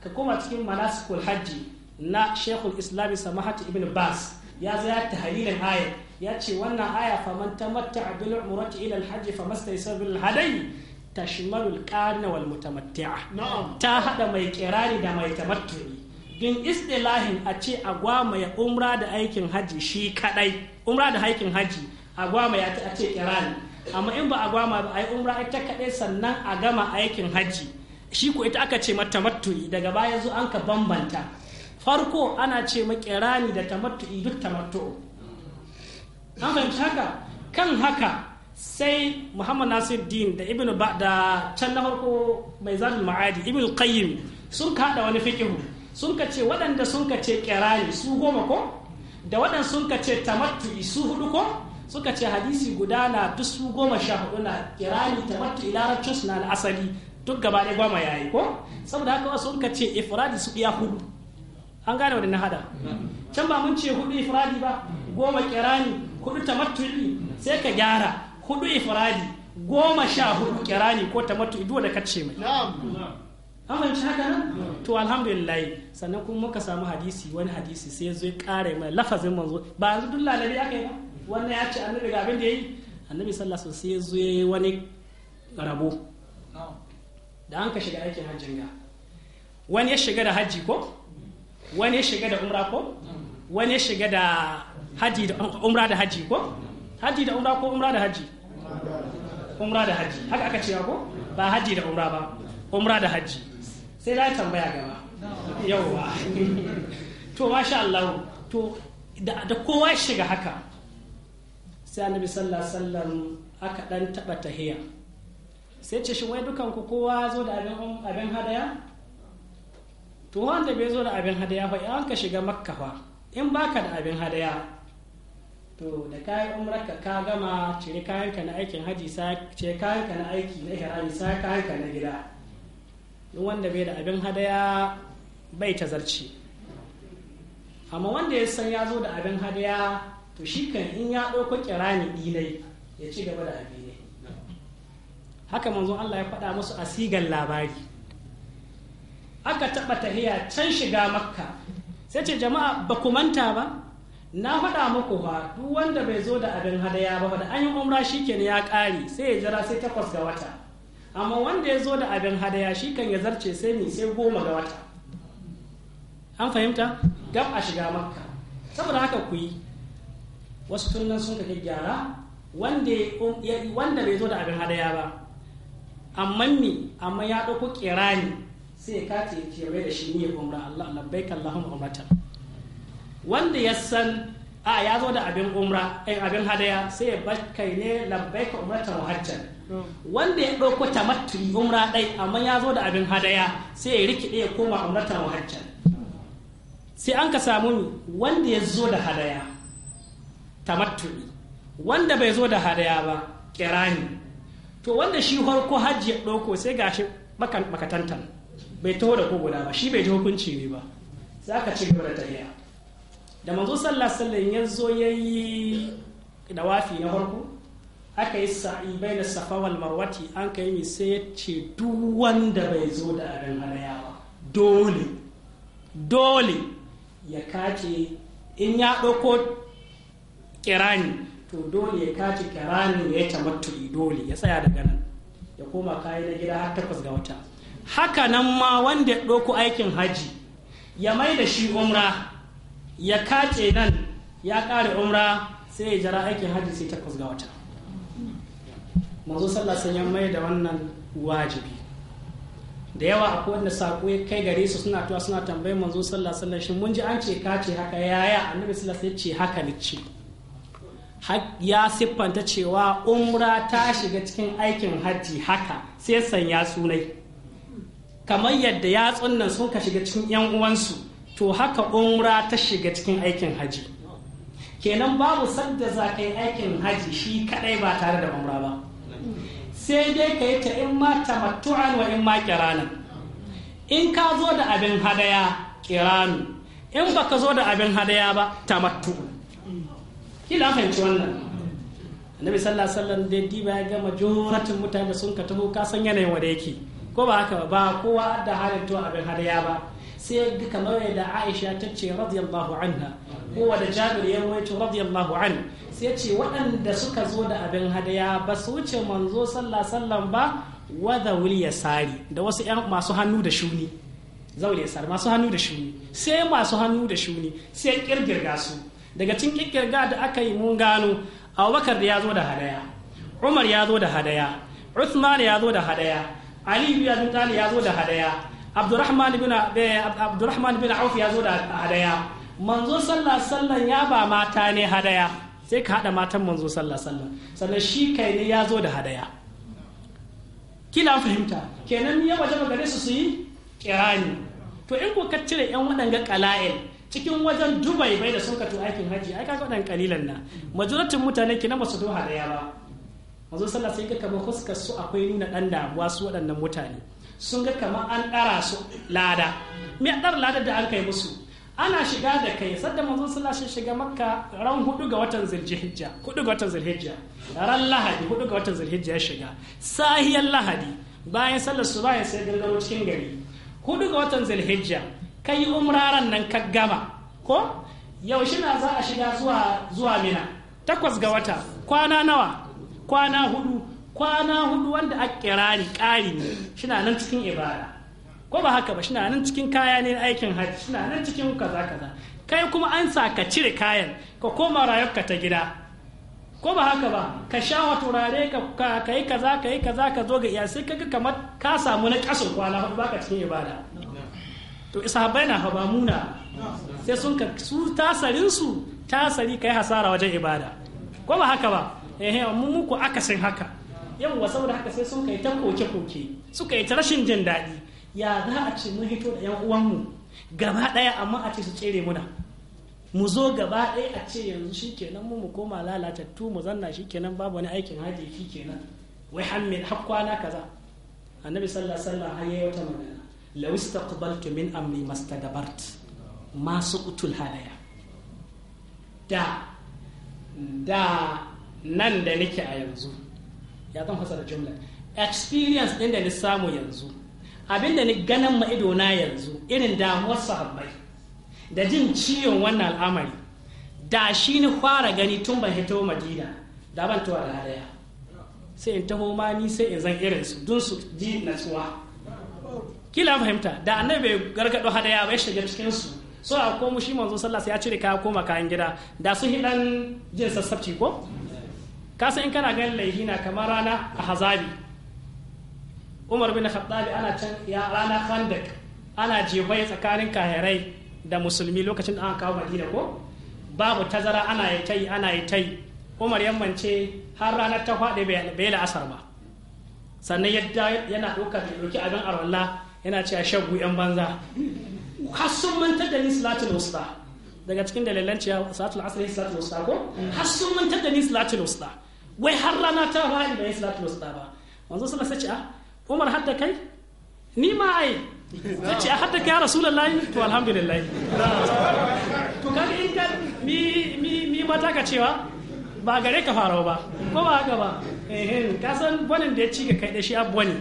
ka koma cikin manasikul hajji na shekul islami samahatu ibn bas ya zaya ta halilin aya ya ce wannan aya faman tamatta ilal hajji ila alhajj famastaysar bil hadayi tashmalul qarna wal mutamatti'a ta haɗa mai kirari da mai tamattu'i din istilahin a ce a gwama ya umra da aikin haji shi kadai umra da aikin haji a ya ta ce kirari amma in ba a gwama ba a yi umra ita kadai sannan a gama aikin hajji shi ko ita aka ce mata daga baya zo an ka bambanta farko ana ce makirani da tamattu'i duk tamattu'u an fahimci haka kan haka sai muhammad nasir din da ibn ba da can na farko mai zadul ma'adi ibn qayyim sun hada wani fikihu sun ka ce waɗanda sun ka ce kirani su goma ko da waɗanda sun ka ce tamattu'i su hudu ko suka ce hadisi guda na duk su goma sha hudu na kirani tamattu'i larabcin su na asali duk gaba ɗaya goma yayi ko saboda haka wasu sun ka ce ifradi su iya hudu an gane wadda na hada can ba mun ce hudu ifradi ba goma kirani hudu tamattu'i sai ka gyara hudu ifradi goma sha hudu kirani ko tamattu'i duk da kace mai an fahimci haka nan to alhamdulillah sannan kuma muka samu hadisi wani hadisi sai zai kare mai lafazin manzo ba yanzu duk lalabi aka yi ba wannan ya ce annabi ga abin da yayi annabi sallallahu alaihi wasallam sai zai wani rabo da an ka shiga aikin hajjin ga wani ya shiga da hajji ko wani ya shiga da umra ko wani ya shiga da haji da umra da haji ko haji da umra ko umra da haji umra da haji haka aka cewa ko ba haji da umra ba umra da haji sai da tambaya gaba yauwa to masha Allah to da kowa shiga haka sai annabi sallallahu alaihi wasallam aka dan taba tahiyya sai ce shi wai dukan ku kowa zo da abin abin hadaya to wanda bai zo da abin hadaya fa in ka shiga makka fa in baka da abin hadaya to da kayan umrarka ka gama cire kayanka na aikin haji cire kayanka na aiki na ihrami sai kayanka na gida in wanda bai da abin hadaya bai ta zarci amma wanda ya san ya zo da abin hadaya to shi kan in ya dauko kirani dinai ya ci gaba da abin ne haka manzon Allah ya faɗa musu asigan labari aka taɓa tahiya can shiga makka sai ce jama'a ba ku manta ba na faɗa muku fa duk wanda bai zo da abin hadaya ba da an yi umra shikenan ya ƙare sai ya jira sai takwas ga wata amma wanda ya zo da abin hadaya shi kan ya zarce sai ni sai goma ga wata an fahimta gab a shiga makka saboda haka ku yi wasu tunan sun kai gyara um, wanda bai zo da abin hadaya ba amma ni. amma ya ɗauko kirani sai ka ce ce mai da shi ya umra Allah labbaik a umratan wanda ya san a ya zo da abin umra ɗin eh, abin hadaya sai ya bakai ne labbaik umratan hajjan wanda ya ɗauko tamattu'i umra ɗai amma ya zo da abin hadaya sai ya rikide ya koma umratan hajjan sai an ka samu wanda ya zo da hadaya tamattu'i wanda bai zo da hadaya ba kirani to wanda shi farko hajji ya ɗauko sai gashi makatantan bai taho da ko ba shi bai ji hukunci ne ba za ka ci gaba da tafiya da manzo sallah sallan ya zo ya yi dawafi na farko aka yi sa'i bai safa wal marwati an kai mi sai ya ce duk wanda bai zo da abin halaya ba dole dole ya kace in ya ɗauko kirani to dole ya kace kirani ya tamattu'i dole ya tsaya daga nan ya koma kayi na gida har takwas ga wata haka nan ma wanda ya ɗauko aikin haji ya mai da shi umra ya kace nan ya ƙare umra sai ya jira aikin haji sai takwas ga wata Mazu sallah ya mai da wannan wajibi da yawa akwai wanda saƙo ya kai gare su suna tuwa suna tambayar mazu sallah sallah shi mun ji an ce kace ce haka yaya annabi sallah sai ce haka ne ce ya siffanta cewa umra ta shiga cikin aikin hajji haka sai sanya sunai kamar yadda yatsun nan sun ka shiga cikin yan uwansu to haka umra ta shiga cikin aikin haji kenan babu sanda za ka yi aikin haji shi kadai ba tare da umra ba sai dai ka yi ta in ma tamattu'an wa in ma kiranin in ka zo da abin hadaya kiranu in baka zo da abin hadaya ba tamattu la fahimci wannan annabi sallallahu alaihi wasallam dai diba ya gama joratin mutane sun ka taho ka san yanayin wanda yake ko ba haka ba kowa da halin to abin hadaya ba sai ga kamar da Aisha ta ce radiyallahu anha kowa da Jabir ya rawaito radiyallahu an sai ce waɗanda suka zo da abin hadaya ba su wuce manzo sallah sallan ba wada wuliya sari da wasu 'yan masu hannu da shuni zaure sar masu hannu da shuni sai masu hannu da shuni sai kirgirga su daga cikin kirgirga da aka yi mun gano Abubakar da ya zo da hadaya Umar ya zo da hadaya Uthman ya zo da hadaya ali ibn abi talib ya zo da hadaya abdurrahman ibn eh, abdurrahman ibn auf ya zo da hadaya manzo sallah sallan ya ba mata ne hadaya sai ka hada matan manzo sallah sallan sannan shi kai ne ya zo da hadaya kila fahimta kenan ni ya waje gare su su yi kirani to in ko ka cire yan waɗanga qala'il cikin wajen dubai bai da sun to aikin haji ai kaga waɗannan kalilan na majalatin mutane kina ba su do hadaya ba manzo sallah sai ga kamar kuska su akwai nuna dan damuwa su waɗannan mutane sun ga kamar an ɗara su lada me ɗar lada da an kai musu ana shiga da kai sadda manzo sallah shi shiga makka ran hudu ga watan zulhijja hudu ga watan zulhijja ran lahadi hudu ga watan zulhijja ya shiga sahiyar lahadi bayan sallar su bayan sai gargaro cikin gari hudu ga watan zulhijja kai umraran nan ka gama ko yaushe na za a shiga zuwa zuwa mina takwas ga wata kwana nawa kwana hudu kwana hudu wanda a kirari ƙari ne shina nan cikin ibada ko ba haka ba shina nan cikin kaya ne aikin hajji shina nan cikin kaza kaza kai kuma an sa ka cire kayan ka koma rayuwarka ta gida ko ba haka ba ka sha wa turare ka ka yi kaza ka yi kaza ka zo ga iya sai kaga kamar ka samu na kaso kwana hudu baka cikin ibada to isahabai na haba muna sai sun ka su tasarin su tasari kai hasara wajen ibada ko ba haka ba Ehe mun muku akasin haka yawwa saboda haka sai sun kai ta koke-koke suka yi ta rashin jin daɗi ya za a ce mun hito da 'yan uwanmu gaba ɗaya amma a ce su tsere muna mu zo gaba ɗaya a ce yanzu shi shikenan mu mu koma lalatattu mu zanna shi shikenan babu wani aikin haji shikenan wai hamil har kaza annabi sallallahu alaihi wasallam har yayi wata magana law istaqbaltu min amri mastadabart ma utul halaya da da nan da nake a yanzu ya zan da jumla experience ɗin da ni samu yanzu abin da ni ganin ma idona yanzu irin damuwar sahabbai da jin ciwon wannan al'amari da shi ni fara gani tun ban hito madina da ban tuwa da hadaya sai in taho ma ni sai in zan irin su dun su ji natsuwa kila fahimta da annabi bai gargado hadaya bai shiga cikin su so a komo shi manzo sallah sai ya cire kaya koma kayan gida da su hidan jin sassabci ko kasan in kana ganin laihi na kamar rana a hazabi umar bin khattabi ana can ya rana khandak ana jebai tsakanin kahirai da musulmi lokacin da aka kawo madina ko babu tazara ana yi tai ana yi tai umar yammance har ranar ta faɗi bai la'asar ba sannan yadda yana ɗaukar da ɗauki abin arwallah yana cewa shagu yan banza har sun mantar da ni salatul wusta daga cikin dalilan cewa salatul asr salatul wusta ko har sun mantar da ni salatul wusta wai har rana ta fara da ya salatu wasu ba wanzu sallallahu sace a ah, Umar hadda kai ni ma ai ta ce a ah, hadda kai rasulullahi to alhamdulillah to kaga in ka mi mi mi mata ka cewa ba gare ka farawa ba ko ba haka ba ehin ka san gwanin da ya ci ka kai da shi abuwa ne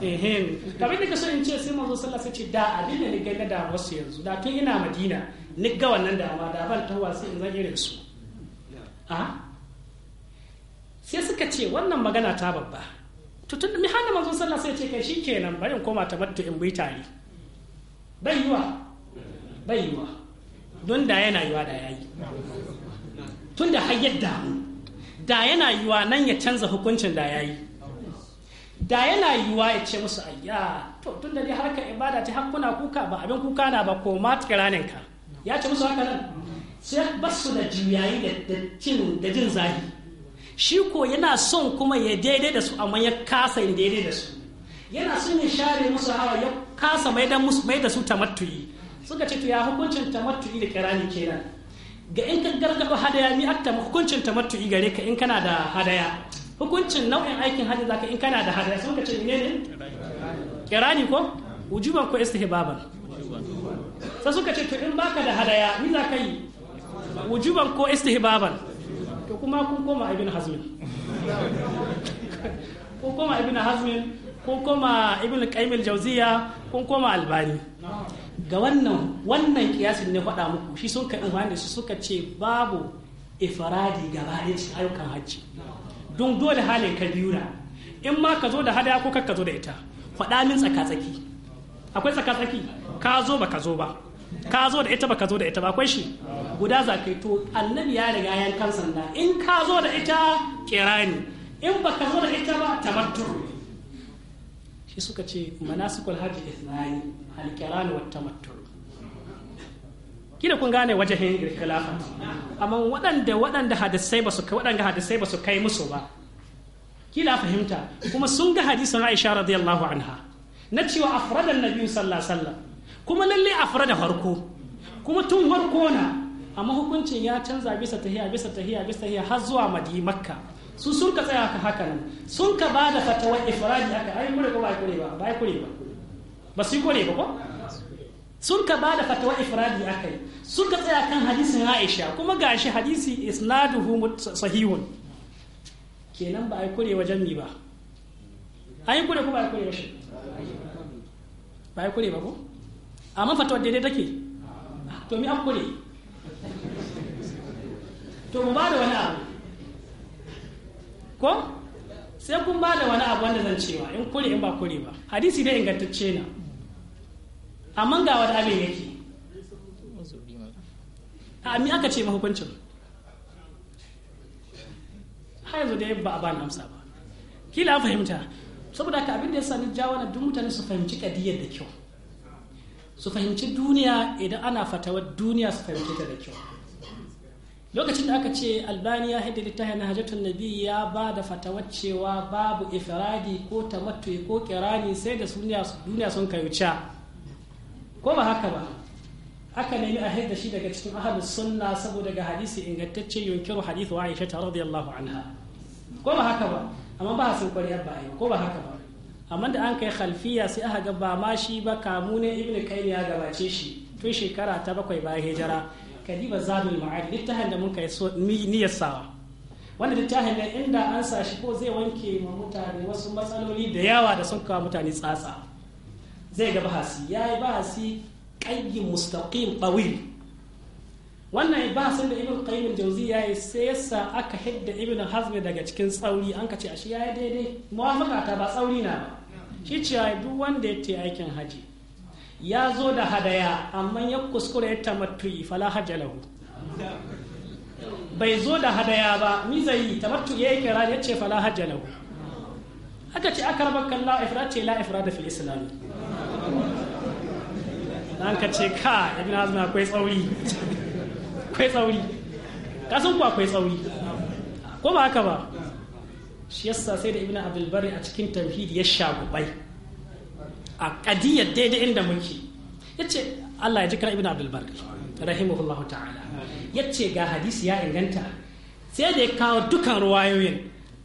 ehin kamar da ka so in ce sai manzo sallah alaihi da abin da ni ga na wasu yanzu da tun ina madina ni ga wannan dama da ban tawa sai in zan irin su a sai suka ce wannan magana ta babba to tun mi hana manzon sallah sai ce kai shikenan bari in koma tabattu in bai tare bai yiwa bai yiwa don da yana yiwa da yayi tun da har yadda da yana yiwa nan ya canza hukuncin da yayi da yana yiwa ya ce musu ayya to tun da dai harkar ibada ta hakuna kuka ba abin kuka na ba ko ma ranin ka ya ce musu haka nan sai basu da juyayi da cin da jin zahi shi ko yana son kuma ya daidai da su amma ya kasa ya daidai da su yana son ya share musu hawa ya kasa mai da musu mai da su tamattuyi suka ce to ya hukuncin tamattuyi da kirani kenan ga in ka gargado hadaya mi atta hukuncin tamattuyi gare ka in kana da hadaya hukuncin nau'in aikin hadaya zaka in kana da hadaya suka ce menene kirani ko wujuban ko istihbaban sai suka ce to in baka da hadaya ni ka yi wujuban ko istihbaban to kuma kun koma ibn hazmin kun koma ibn hazmin kun koma ibn qaymil jawziya kun koma albani ga wannan wannan kiyasin ne faɗa muku shi sun kai umarni su suka ce babu ifaradi gaba ɗaya shi ayyukan hajji don dole halin ka biyu in ma ka zo da hada ko ka zo da ita faɗa min tsaka-tsaki akwai tsaka-tsaki ka zo ba ka zo ba ka zo da ita ba ka zo da ita ba akwai shi guda za ka yi to annabi ya riga kan sanda in ka zo da ita kirani in ba ka zo da ita ba tamattu shi suka ce manasikul hajji ithnani alkirani wa tamattu kila kun gane wajahin khilafa amma waɗanda waɗanda hadisai ba su kai waɗanda hadisai ba su kai musu ba kila fahimta kuma sun ga hadisin Aisha radiyallahu anha na cewa afradan nabiyyu sallallahu alaihi wasallam kuma lalle a fara da farko kuma tun farko na amma hukuncin ya canza bisa tahiya bisa tahiya bisa tahiya har zuwa madi makka su sun ka tsaya haka haka nan sun ka ba da fatawar ifradi haka ai mure ko ba kure ba ba kure ba ba su kure ba ko sun ka ba da fatawar ifradi haka yi sun ka tsaya kan hadisin Aisha kuma gashi hadisi isnaduhu sahihun kenan ba ai kure wajen mi ba ai kure ko ba kure ba shi ba kure ba ko amma fatawar daidai take to mi akure to mu ba da wani abu ko sai kun ba da wani abu wanda zan cewa in kure in ba kure ba hadisi dai ingantacce na amma ga wani abin yake a mi aka ce mahukuncin har yanzu dai ba a ba amsa ba kila an fahimta saboda ka abin da ya sani jawo na duk mutane su fahimci kadiyar da kyau su fahimci duniya idan ana fatawar duniya su fahimci ta da kyau lokacin da aka ce albani ya haidda littafin na hajjatun nabi ya ba da fatawar cewa babu ifiradi ko tamattu'i ko kirani sai da duniya sun kayuca ko ba haka ba aka nemi a hidda shi daga cikin ahalus sunna saboda ga hadisi ingantacce yunkiru hadithu aisha ta radiyallahu anha ko ba haka ba amma ba sun kwariyar ba ko ba haka ba amma da an kai khalfiya sai aka ga ba ma shi ba kamu ne ibnu kayyim ya gabace shi tun shekara ta bakwai bayan hijira kadiba zabil ma'ad littafin da mun kai so niyyar sawa wanda littafin da inda an sa shi ko zai wanke ma mutane wasu matsaloli da yawa da sun kawo mutane tsatsa zai ga bahasi ya yi bahasi kayyi mustaqim tawil wannan sun da ibn qayyim jauzi yayi sai yasa aka hidda ibn hazmi daga cikin tsauri an ka ce ashe ya yi daidai muwafaka ta ba tsauri na ba shi duk wanda ya yi aikin haji ya zo da hadaya amma ya kuskura ya tamattu'i fala hajja lahu bai zo da hadaya ba mi zai yi tamattu ya yi kira ya ce fala hajja lahu aka ce aka raba kan la'ifira ce la'ifira da fil islami an ka ce ka ibn hazm akwai tsauri akwai tsauri kasan ku akwai tsauri ko ba haka ba shi yasa sai da ibn abdulbari a cikin tauhidi ya sha gubai a kadiyar daidai inda muke ya ce allah ya ji kan ibn abdulbari rahimahullah ta'ala ya ce ga hadisi ya inganta sai da ya kawo dukan ruwayoyin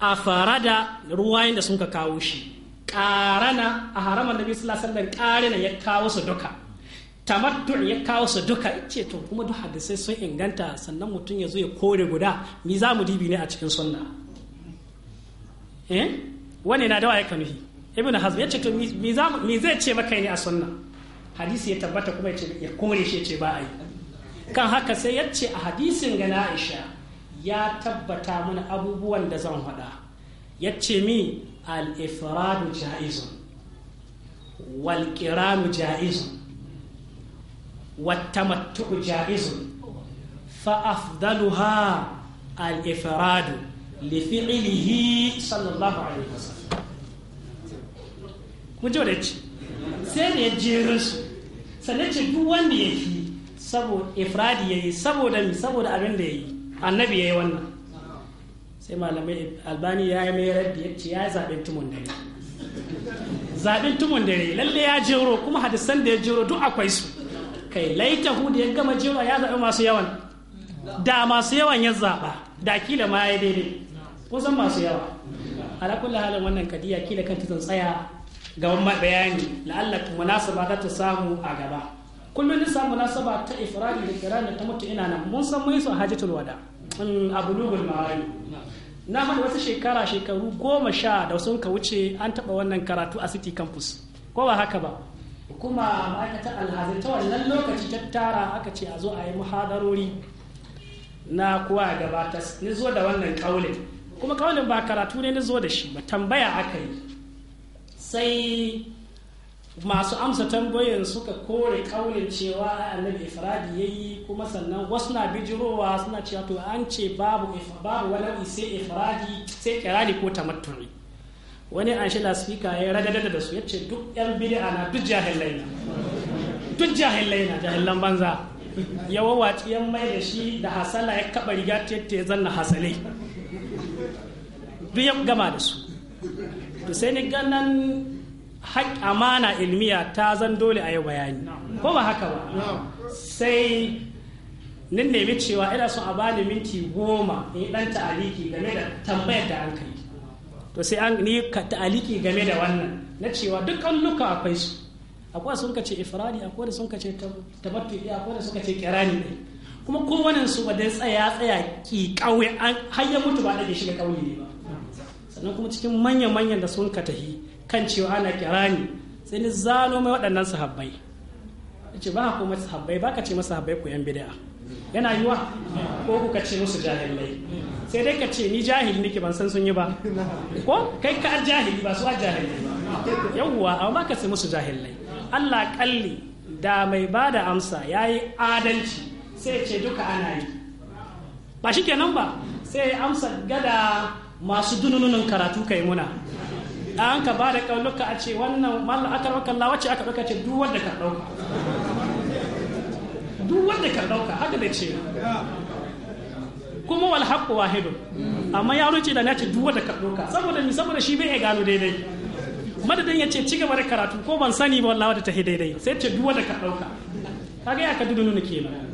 a fara da ruwayoyin da sun ka kawo shi karana a haramar nabi sallallahu alaihi wasallam karana ya kawo su duka tamattu ya kawo su duka ce to kuma duk hadisai sun inganta sannan mutum ya zo ya kore guda mi za mu dibi ne a cikin sunna eh wani na dawa ya kanuhi ibn hazm ce to me zai ce maka ne a sunna hadisi ya tabbata kuma ya kore shi ce ba a yi kan haka sai ya ce a hadisin ga na'isha Aisha ya tabbata mana abubuwan da zan faɗa ce mi al-ifradu ja'izun wal qiramu ja'izun والتمتع ha al الإفراد lifi'ilihi sallallahu alaihi wasallam Mun ji wadda ce sai da ya jerin su sannan ce duk wanda ya fi saboda ifradi ya yi saboda mi saboda abin da ya yi annabi ya yi wannan sai malamai albani ya yi mai raddi ya ce ya yi zaɓen tumun dare zaɓen tumun dare lalle ya jero kuma hadisan da ya jero duk akwai su kai laita da ya gama jero ya zaɓi masu yawan da masu yawan ya zaɓa da kila ma ya daidai kusan masu yawa ala kulli halin wannan kadiya kila kanta zan tsaya ga wannan bayani la'alla munasaba za ta samu a gaba kullum samu munasaba ta ifradi da kirani ta mutu ina nan mun san mun sun hajjatul wada a abulugul ma'ani na hada wata shekara shekaru goma sha da sun ka wuce an taba wannan karatu a city campus ko ba haka ba kuma ma'aikatar alhazi ta wannan lokaci ta tara aka ce a zo a yi muhadarori na kowa gabatas ni zo da wannan kaulin kuma kawalin ba karatu ne na zo da shi ba tambaya aka yi sai masu amsa tambayoyin suka kore kaulin cewa annabi ifradi yi kuma sannan wasu na bijirowa suna cewa to an ce babu wani walawi sai ifradi sai kirani ko tamattuni wani an shi laspika ya radadada da su ya ce duk yan bid'a na duk jahillai. duk jahillai na jahilan banza ya wawaci yan mai da shi da hasala ya kaba riga ta zanna hasalai duk ya gama da su to sai ni ganin haƙ amana ilmiya ta zan dole a yi bayani ko ba haka ba sai nin nemi cewa ina son a bani minti goma in dan ta'aliki game da tambayar da an kai to sai an ni ka ta'aliki game da wannan na cewa dukkan luka akwai su akwai sun ka ce ifradi akwai da sun ka ce tabattu akwai da sun ka ce kirani ne kuma kowannen su ba dai tsaya tsaya ki kauye har ya mutu ba da shiga kauye ne ba sannan kuma cikin manya-manyan da sun ka tafi kan cewa ana kirani sai ni zano mai waɗannan sahabbai ce ba ku masa sahabbai ba ka ce masa sahabbai ku yan bid'a yana yiwa ko ku ka ce musu jahilai sai dai ka ce ni jahili nake ban san sun yi ba ko kai ka jahili ba su a jahili ba yawwa amma ba ka ce musu jahilai Allah kalli da mai ba da amsa ya yi adalci sai ce duka ana yi ba shi kenan ba sai amsa gada masu dunununin karatu kai muna an ka ba da kaunuka a ce wannan mallan aka ɗauka Allah wacce aka ɗauka ce duk wanda ka ɗauka duk wanda ka ɗauka haka da ce kuma wal haqqu wahidun amma ya ruce da nace duk wanda ka ɗauka saboda ni saboda shi bai gano daidai madadin ya ce cigaba da karatu ko ban sani ba wallahi wata tahi daidai sai ce duk wanda ka ɗauka kaga ya ka dunununin kenan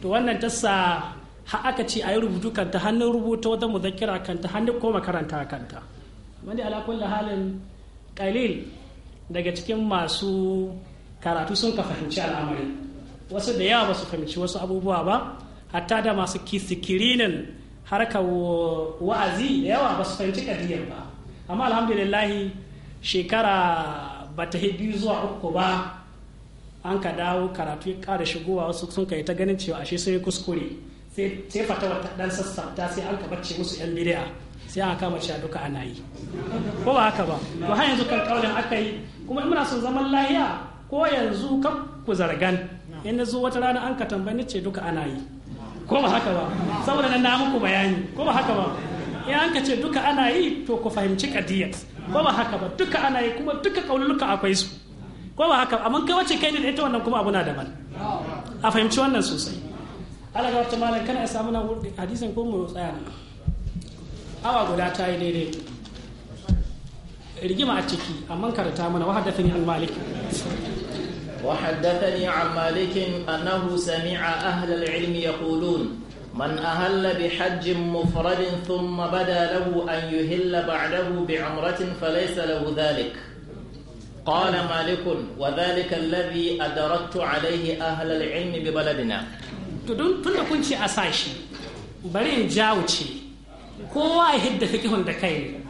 to wannan tassa har aka ce a yi rubutu kanta hannun rubuta wata muzakira kanta hannun ko makaranta kanta wani alakun da halin kalil daga cikin masu karatu sun ka fahimci al'amari wasu da yawa ba su fahimci wasu abubuwa ba hatta da masu kisikirinin harka wa'azi da yawa ba su fahimci kadiyar ba amma alhamdulillahi shekara ba ta biyu zuwa uku ba an ka dawo karatu ya kara shigowa wasu sun kai ta ganin cewa ashe sun yi kuskure sai fatawar wata dan sassafta sai an ka ce musu yan bid'a sai aka kama cewa duka ana yi ko ba haka ba ba har yanzu kan kaulin aka yi kuma muna son zaman lahiya ko yanzu kan ku zargan in zo wata rana an ka tambayi ce duka ana yi ko ba haka ba saboda na muku bayani ko ba haka ba in an ka ce duka ana yi to ku fahimci kadiyat ko ba haka ba duka ana yi kuma duka kaululuka akwai su ko ba haka amma kai wace kai ne da ita wannan kuma abu na daban a fahimci wannan sosai ala ga wata malam kana samu na hadisin ko mu tsaya awa guda ta yi daidai rigima a ciki amma karanta mana wa haddathani al malik wa haddathani al malik annahu sami'a ahl al ilm yaqulun من أهل بحج مفرد ثم بدا له أن يهل بعده بعمرة فليس له ذلك قال مالك وذلك الذي أدركت عليه أهل العلم ببلدنا to don tun da kun ce a sashi bari in ja wuce kowa ya hidda fikihun da kai ne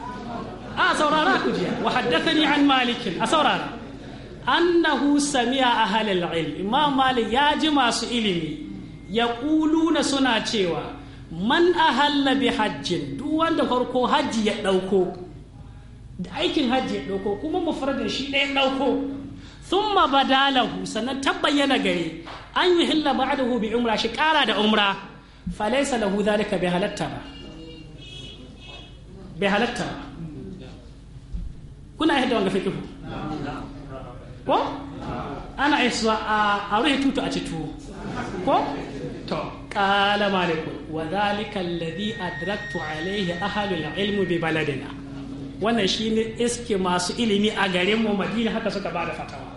a saurara ku jiya wa haddathani an malikin a saurara annahu sami'a ahlal ilm imam malik ya ji masu ilimi ya yaquluna suna cewa man ahalla bi hajjin duk wanda farko hajji ya dauko da aikin hajji ya dauko kuma mufradin shi ɗaya dauko thumma badalahu sannan tabbayyana gare an yi hilla ba'dahu bi umra shi kara da umra falaysa lahu dhalika bai halatta ba bai halatta ba kuna yadda wanga fikihu ko ana iswa a ruhi tutu a citu ko to kala maliku wa dhalika alladhi adraktu alayhi ahlul ilmi bi baladina wannan shine iske masu ilimi a garin mu madina haka suka bada fatawa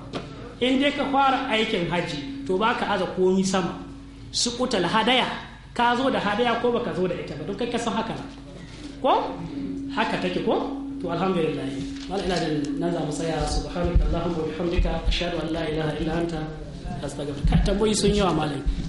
in dai ka fara aikin hajji to ba ka aza komi sama su kutal hadaya ka zo da hadaya ko baka zo da ita ba don kai ka san haka ko haka take ko to alhamdulillah wala ila da naza musaya mu tsaya subhanaka allahumma wa bihamdika ashhadu an la ilaha illa anta astaghfiruka tamboyi sun yawa malai